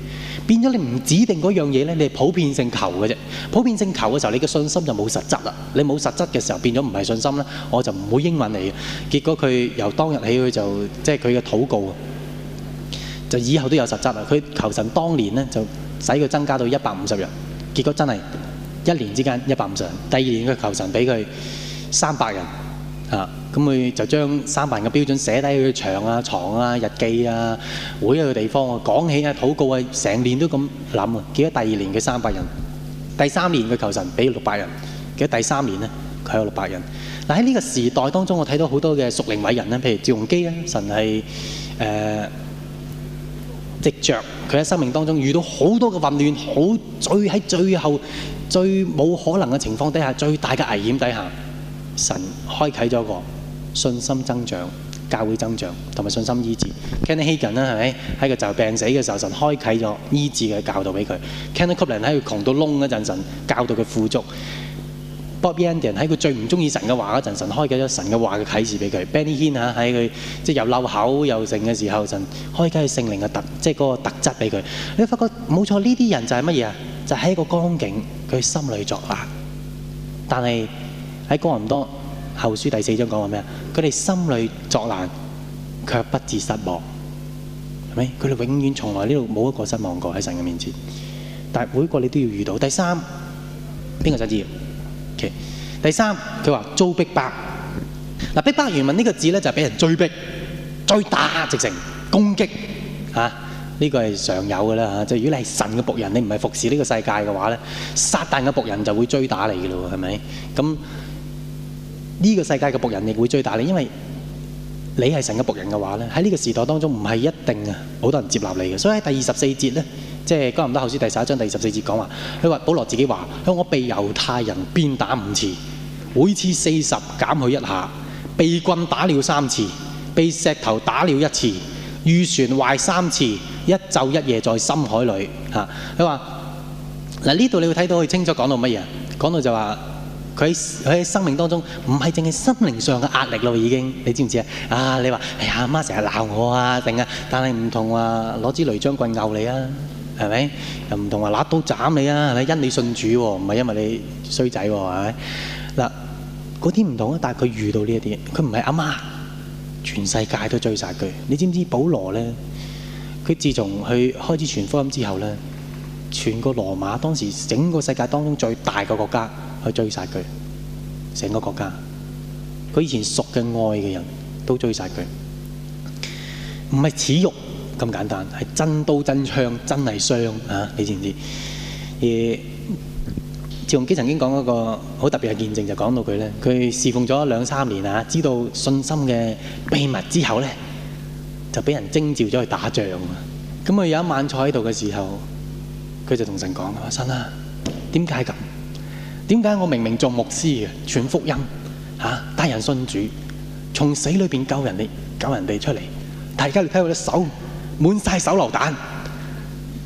變咗你唔指定嗰樣嘢呢，你係普遍性求嘅啫。普遍性求嘅時候，你嘅信心就冇實質啦。你冇實質嘅時候，變咗唔係信心咧，我就唔會應允你嘅。結果佢由當日起佢就即係佢嘅禱告。就以後都有實習啦。佢求神當年咧，就使佢增加到一百五十人。結果真係一年之間一百五十人。第二年佢求神俾佢三百人，啊，咁佢就將三百人嘅標準寫低去牆啊、床啊、日記啊、會啊嘅地方啊，講起啊、禱告啊，成年都咁諗啊。結果第二年嘅三百人，第三年嘅求神俾六百人。結果第三年咧，佢有六百人。嗱、啊，喺呢個時代當中，我睇到好多嘅屬靈偉人咧，譬如趙宏基咧，神係誒。呃藉著佢喺生命當中遇到好多嘅混亂，好最喺最後最冇可能嘅情況底下，最大嘅危險底下，神開啟咗一個信心增長、教會增長同埋信心醫治。Kenneth Hagin 係咪喺佢就病死嘅時候，神開啟咗醫治嘅教導俾佢。Kenneth Copeland 喺佢窮到窿嗰陣，神教導佢富足。個 Bob Yandian 喺佢最唔中意神嘅話嗰陣，神開解咗神嘅話嘅啟示俾佢。Benny Hinn 啊，喺佢即係又漏口又剩嘅時候，神開解佢聖靈嘅特，即係嗰個特質俾佢。你發覺冇錯，呢啲人就係乜嘢啊？就係一個光景，佢心裏作難。但係喺哥林多後書第四章講話咩啊？佢哋心裏作難，卻不致失望。係咪？佢哋永遠從來呢度冇一個失望過喺神嘅面前。但係每一個你都要遇到。第三邊個神子？Okay. 第三，佢話遭逼迫。嗱，逼迫原文呢個字咧就係、是、俾人追逼、追打、直情攻擊。嚇、啊，呢、呢個係常有噶啦嚇。就如果你係神嘅僕人，你唔係服侍呢個世界嘅話咧，撒但嘅僕人就會追打你嘅咯，係咪？咁呢、呢個世界嘅僕人亦會追打你，因為你係神嘅僕人嘅話咧，喺呢個時代當中唔係一定啊好多人接納你嘅。所以喺第二十四節咧。即係《哥林多後書》第十一章第二十四節講話，佢話保羅自己話：我被猶太人鞭打五次，每次四十減去一下；被棍打了三次，被石頭打了一次，遇船壞三次，一晝一夜在深海裡。嚇、啊！佢話：嗱呢度你會睇到佢清楚講到乜嘢？講到就話佢佢喺生命當中唔係淨係心靈上嘅壓力咯，已經你知唔知啊？啊你話：哎呀媽成日鬧我啊定啊，但係唔同話攞支擂漿棍拗你啊！係咪？又唔同話拿刀斬你啊！你因你信主喎，唔係因為你衰仔喎，係咪？嗱，嗰啲唔同啊，但係佢遇到呢一啲，佢唔係阿媽，全世界都追殺佢。你知唔知保羅呢？佢自從佢開始傳福音之後呢，全個羅馬當時整個世界當中最大嘅國家去追殺佢，整個國家，佢以前熟嘅愛嘅人都追曬佢，唔係恥辱。咁簡單，係真刀真槍，真係傷嚇，你知唔知？而趙弘基曾經講過個好特別嘅見證，就講到佢咧，佢侍奉咗兩三年嚇，知道信心嘅秘密之後咧，就俾人徵召咗去打仗啊！咁佢有一晚坐喺度嘅時候，佢就同神講：，神啊，點解咁？點解我明明做牧師嘅，傳福音嚇，帶人信主，從死裏邊救人哋，救人哋出嚟，大家你睇我隻手。滿晒手榴彈，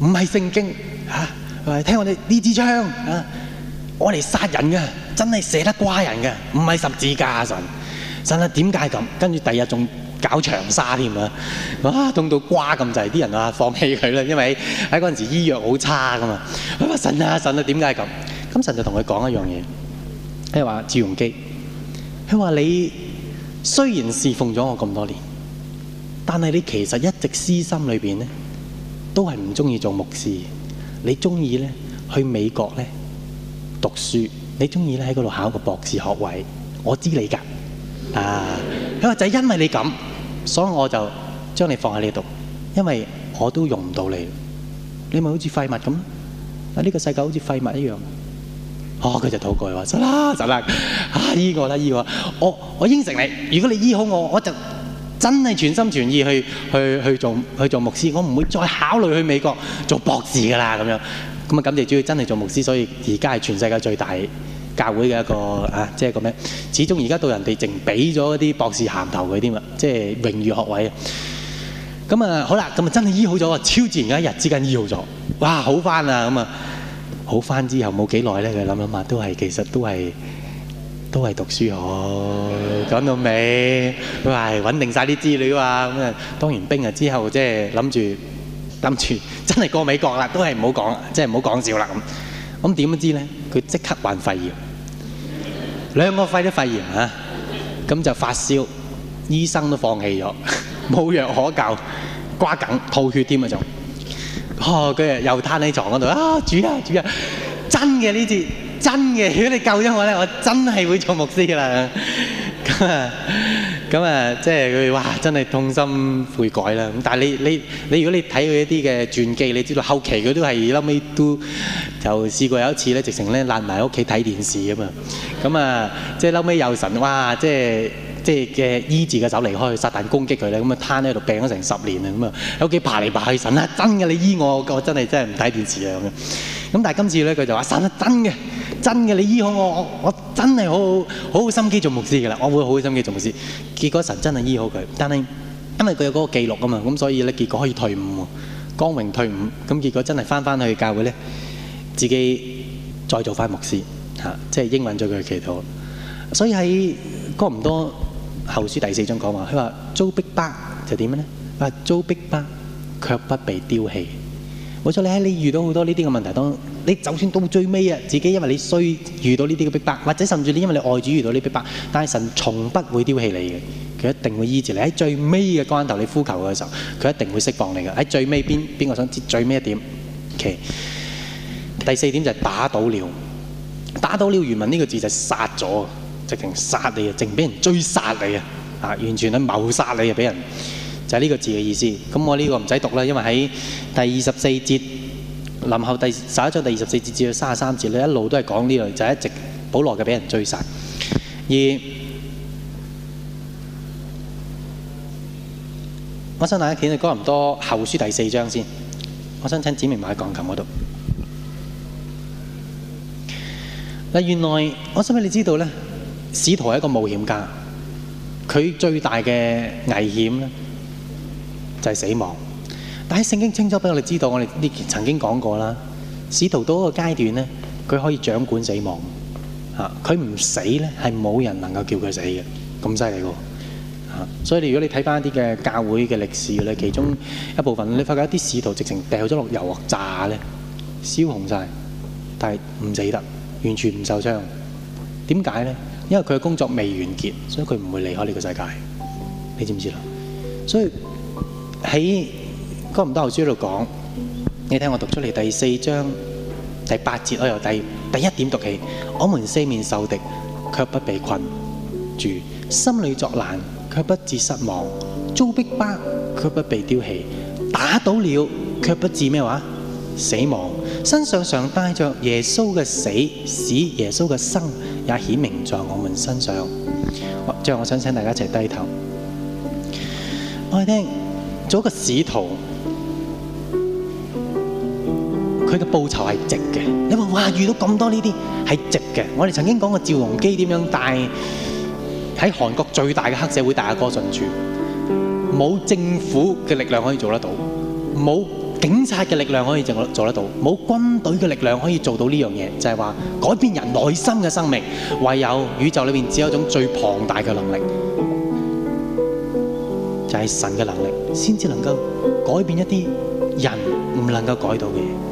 唔係聖經吓，係咪聽我哋呢支槍啊？我嚟殺人嘅，真係射得瓜人嘅，唔係十字架神神啊？點解咁？跟住第二日仲搞長沙添啊？啊痛到瓜咁滯，啲人啊，放棄佢啦，因為喺嗰陣時醫藥好差㗎嘛。神啊神啊，點解咁？咁神就同佢講一樣嘢，即係話趙雲基，佢話你雖然侍奉咗我咁多年。但係你其實一直私心裏邊咧，都係唔中意做牧師，你中意咧去美國咧讀書，你中意咧喺嗰度考個博士學位，我知你噶。啊，佢話就因為你咁，所以我就將你放喺呢度，因為我都用唔到你，你咪好似廢物咁，啊呢個世界好似廢物一樣，啊佢就禱告話走啦走啦，啊醫、啊、我啦醫我，我，我我應承你，如果你醫好我，我就。真係全心全意去去去做去做牧師，我唔會再考慮去美國做博士㗎啦咁樣。咁啊，咁就主要真係做牧師，所以而家係全世界最大教會嘅一個啊，即係個咩？始終而家到人哋淨俾咗啲博士銜頭佢添嘛，即係榮譽學位。咁啊，好啦，咁啊真係醫好咗啊，超自然，嘅一日之間醫好咗，哇，好翻啊！咁啊，好翻之後冇幾耐咧，佢諗諗下都係其實都係。都係讀書、哦哎、好，講到尾，佢話穩定晒啲資料啊，咁啊當完兵啊之後，即係諗住諗住，真係過美國啦，都係唔好講，即係唔好講笑啦咁。咁點都知咧，佢即刻患肺炎，兩個肺都肺炎啊，咁就發燒，醫生都放棄咗，冇藥可救，瓜梗吐血添啊仲，哦佢又攤喺床嗰度啊，主啊主啊，啊，真嘅呢節。真嘅，如果你救咗我咧，我真係會做牧師噶啦。咁 啊，咁啊，即係佢話真係痛心悔改啦。咁但係你你你，如果你睇佢一啲嘅傳記，你知道後期佢都係嬲尾都就試過有一次咧，直情咧躝埋喺屋企睇電視啊嘛。咁啊，即係嬲尾有神哇，即係即係嘅醫治嘅手離開，去撒但攻擊佢咧，咁啊攤喺度病咗成十年啊咁啊，喺屋企爬嚟爬去神啊，真嘅你醫我，我真係真係唔睇電視啊咁。咁但係今次咧，佢就話神、啊、真嘅。真嘅，你醫好我，我我真係好好好好心機做牧師嘅啦，我會好心機做牧師。結果神真係醫好佢，但係因為佢有嗰個記錄啊嘛，咁所以咧結果可以退伍，光榮退伍。咁結果真係翻翻去教會咧，自己再做翻牧師嚇，即係應允咗佢嘅祈禱。所以喺哥唔多後書第四章講話，佢話遭逼迫就點樣咧？話遭逼迫卻不被丟棄。冇錯，你喺你遇到好多呢啲嘅問題當。你就算到最尾啊，自己因為你需遇到呢啲嘅逼迫，或者甚至你因為你外主遇到呢啲逼迫，但係神從不會丟棄你嘅，佢一定會依住你喺最尾嘅關頭你呼求嘅時候，佢一定會釋放你嘅。喺最尾邊邊個想接最尾一點？其、okay. 第四點就係打倒了，打倒了原文呢個字就係殺咗，直情殺你啊，淨俾人追殺你啊，啊完全係謀殺你啊，俾人就係、是、呢個字嘅意思。咁我呢個唔使讀啦，因為喺第二十四節。林後第十一章第二十四節至三十三節，你一路都係講呢類，就是、一直保羅嘅俾人追殺。而我想大家睇下，唔多後書第四章先。我想請子明埋鋼琴嗰度。原來我想俾你知道呢，使徒係一個冒險家，佢最大嘅危險就係、是、死亡。但喺聖經清楚俾我哋知道，我哋呢曾經講過啦。使徒到嗰個階段咧，佢可以掌管死亡，嚇佢唔死咧，係冇人能夠叫佢死嘅，咁犀利喎嚇！所以如果你睇翻一啲嘅教會嘅歷史咧，其中一部分你發覺一啲使徒直情掉咗落油鑊炸咧，燒紅晒，但係唔死得，完全唔受傷。點解咧？因為佢嘅工作未完結，所以佢唔會離開呢個世界。你知唔知啦？所以喺《哥林多後書》度講，你聽我讀出嚟第四章第八節，我由第一點讀起。我們四面受敵，卻不被困住；心裏作難，卻不致失望；遭逼迫，卻不被丟棄；打倒了，卻不致咩話死亡。身上常帶着耶穌嘅死，使耶穌嘅生也顯明在我們身上。最後，我想請大家一齊低頭。我哋聽，做一個使徒。佢嘅報酬係值嘅，你話哇遇到咁多呢啲係值嘅。我哋曾經講過趙鏞基點樣帶喺韓國最大嘅黑社會大阿哥進駐，冇政府嘅力量可以做得到，冇警察嘅力量可以做得到，冇軍隊嘅力量可以做到呢樣嘢，就係話改變人內心嘅生命，唯有宇宙裏面只有一種最龐大嘅能力，就係神嘅能力，先至能夠改變一啲人唔能夠改到嘅嘢。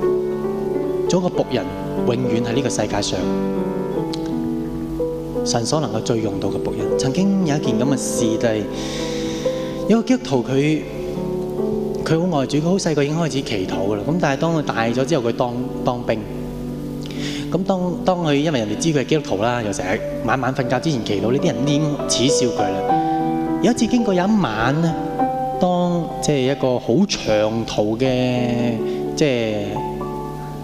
做一個僕人，永遠喺呢個世界上，神所能夠最用到嘅僕人。曾經有一件咁嘅事，就係、是、有一個基督徒他，佢佢好外主，佢好細個已經開始祈禱噶啦。咁但係當佢大咗之後，佢當當兵。咁當當佢因為人哋知佢係基督徒啦，又成日晚晚瞓覺之前祈禱，呢啲人念恥笑佢啦。有一次經過有一晚呢，當即係一個好長途嘅即係。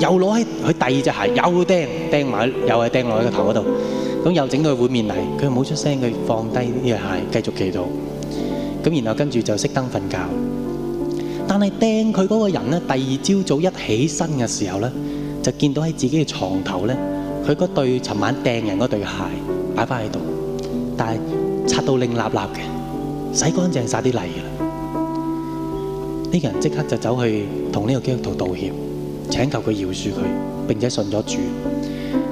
又攞起佢第二隻鞋，又掟掟埋，又係掟落去個頭嗰度，咁又整到佢滿面泥。佢冇出聲，佢放低呢對鞋，繼續祈禱。咁然後跟住就熄燈瞓覺。但係掟佢嗰個人咧，第二朝早一起身嘅時候咧，就見到喺自己嘅牀頭咧，佢嗰對尋晚掟人嗰對鞋擺翻喺度，但係擦到靚立立嘅，洗乾淨曬啲泥啦。呢個人即刻就走去同呢個基督徒道歉。請求佢饒恕佢，並且順咗主。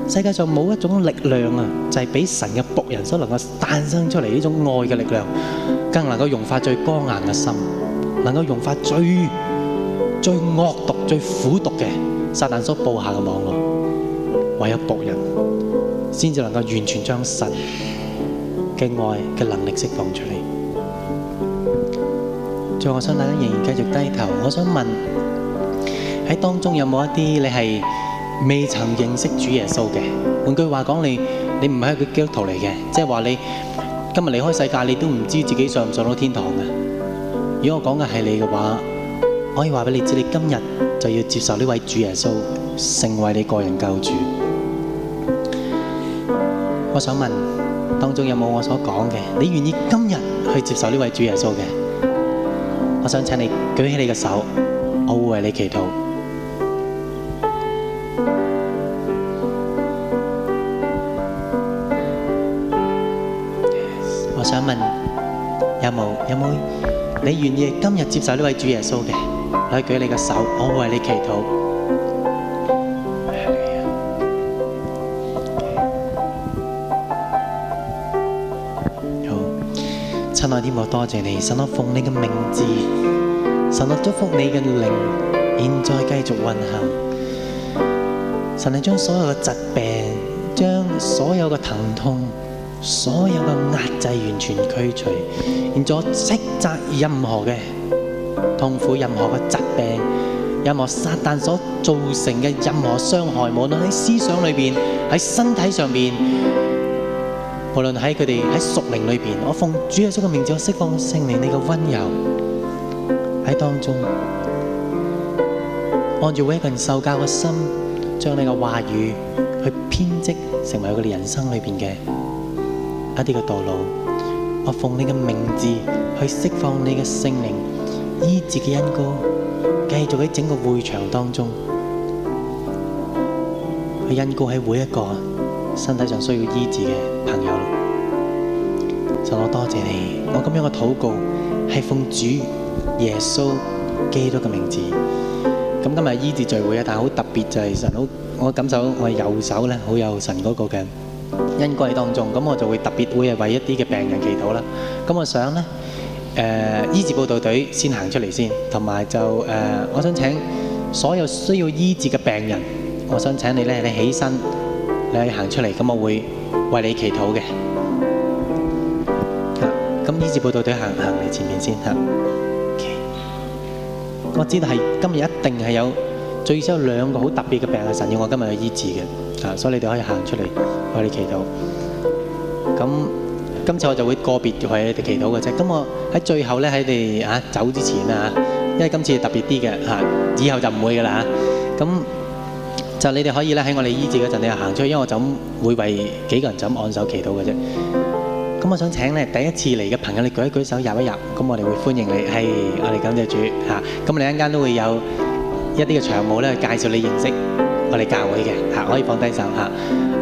世界上冇一種力量啊，就係俾神嘅僕人所能夠誕生出嚟呢種愛嘅力量，更能夠融化最剛硬嘅心，能夠融化最最惡毒、最苦毒嘅撒但所佈下嘅網絡。唯有僕人先至能夠完全將神嘅愛嘅能力釋放出嚟。最後，我想大家仍然繼續低頭，我想問。喺當中有冇一啲你係未曾認識主耶穌嘅？換句話講，你你唔係一個基督徒嚟嘅，即係話你今日離開世界，你都唔知自己上唔上到天堂嘅。如果我講嘅係你嘅話，我可以話俾你知，你今日就要接受呢位主耶穌成為你個人救主。我想問當中有冇我所講嘅？你願意今日去接受呢位主耶穌嘅？我想請你舉起你嘅手，我會為你祈禱。願意今日接受呢位主耶穌嘅，可以舉你嘅手，我會為你祈禱。好，親愛的天父，多謝你，神，我奉你嘅名字，神，我祝福你嘅靈，現在繼續運行。神，你將所有嘅疾病，將所有嘅疼痛。所有嘅壓制完全驅除，然後斥責任何嘅痛苦、任何嘅疾病、任何撒旦所造成嘅任何傷害，無論喺思想裏邊、喺身體上邊，無論喺佢哋喺屬靈裏邊，我奉主耶穌嘅名字，我釋放聖靈你嘅溫柔喺當中，按照每一個人受教嘅心，將你嘅話語去編織成為佢哋人生裏邊嘅。一啲嘅道路，我奉你嘅名字去釋放你嘅聖靈醫治嘅恩膏，繼續喺整個會場當中去恩膏喺每一個身體上需要醫治嘅朋友。神，我多謝你，我咁樣嘅禱告係奉主耶穌基督嘅名字。咁今日醫治聚會啊，但係好特別就係神好，我感受我右手呢好有神嗰個嘅。因季當中，咁我就會特別會係為一啲嘅病人祈禱啦。咁我想咧，誒、呃，醫治報道隊先行出嚟先，同埋就誒、呃，我想請所有需要醫治嘅病人，我想請你咧，你起身，你行出嚟，咁我會為你祈禱嘅。吓、嗯，咁醫治報道隊行行嚟前面先吓。嗯 okay. 我知道係今日一定係有最少有兩個好特別嘅病係神要我今日去醫治嘅。啊！所以你哋可以行出嚟，為你祈禱。咁今次我就會個別為你哋祈禱嘅啫。咁我喺最後咧，喺你哋啊走之前啊，因為今次特別啲嘅嚇，以後就唔會嘅啦。咁、啊、就你哋可以咧喺我哋醫治嗰陣，你行出去，因為我就咁會為幾個人就咁按手祈禱嘅啫。咁我想請咧，第一次嚟嘅朋友，你舉一舉手，入一入，咁我哋會歡迎你。係、哎，我哋感謝主嚇，咁你一間都會有一啲嘅場務咧介紹你認識。我哋教會嘅吓，可以放低手吓。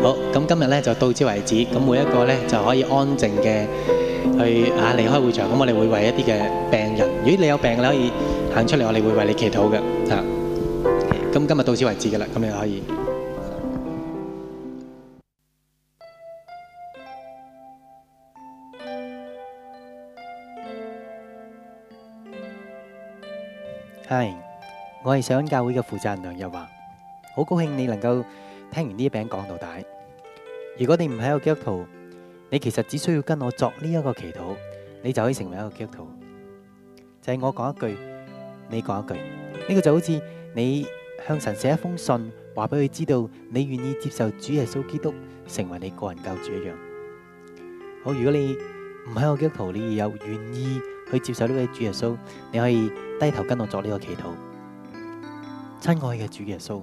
好，咁今日咧就到此為止。咁每一個咧就可以安靜嘅去吓離開會場，咁我哋會為一啲嘅病人。如果你有病嘅，可以行出嚟，我哋會為你祈禱嘅吓。咁今日到此為止噶啦，咁你可以。係，我係上教會嘅負責人梁日華。好高興你能夠聽完呢一篇講道。如果你唔喺個基督徒，你其實只需要跟我作呢一個祈禱，你就可以成為一個基督徒。就係我講一句，你講一句，呢個就好似你向神寫一封信，話俾佢知道你願意接受主耶穌基督成為你個人救主一樣。好，如果你唔喺個基督徒，你又願意去接受呢位主耶穌，你可以低頭跟我作呢個祈禱。親愛嘅主耶穌。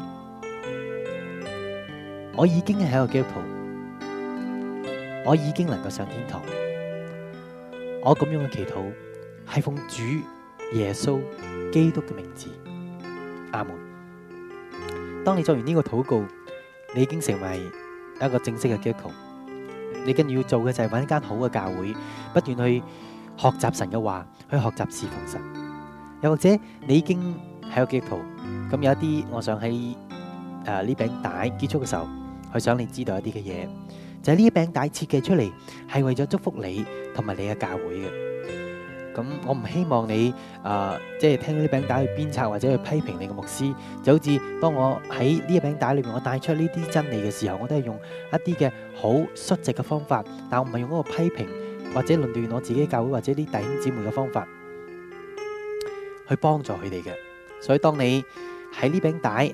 我已經係一個基督徒，我已經能夠上天堂。我咁樣嘅祈禱係奉主耶穌基督嘅名字，阿門。當你做完呢個禱告，你已經成為一個正式嘅基督徒。你跟住要做嘅就係揾一間好嘅教會，不斷去學習神嘅話，去學習侍奉神。又或者你已經係一個基督徒，咁有一啲，我想喺誒呢餅帶結束嘅時候。去想你知道一啲嘅嘢，就係呢一餅帶設計出嚟係為咗祝福你同埋你嘅教會嘅。咁我唔希望你啊，即係聽呢餅帶去鞭策或者去批評你嘅牧師。就好似當我喺呢一餅帶裏面，我帶出呢啲真理嘅時候，我都係用一啲嘅好率直嘅方法，但我唔係用嗰個批評或者論斷我自己教會或者啲弟兄姊妹嘅方法去幫助佢哋嘅。所以當你喺呢餅帶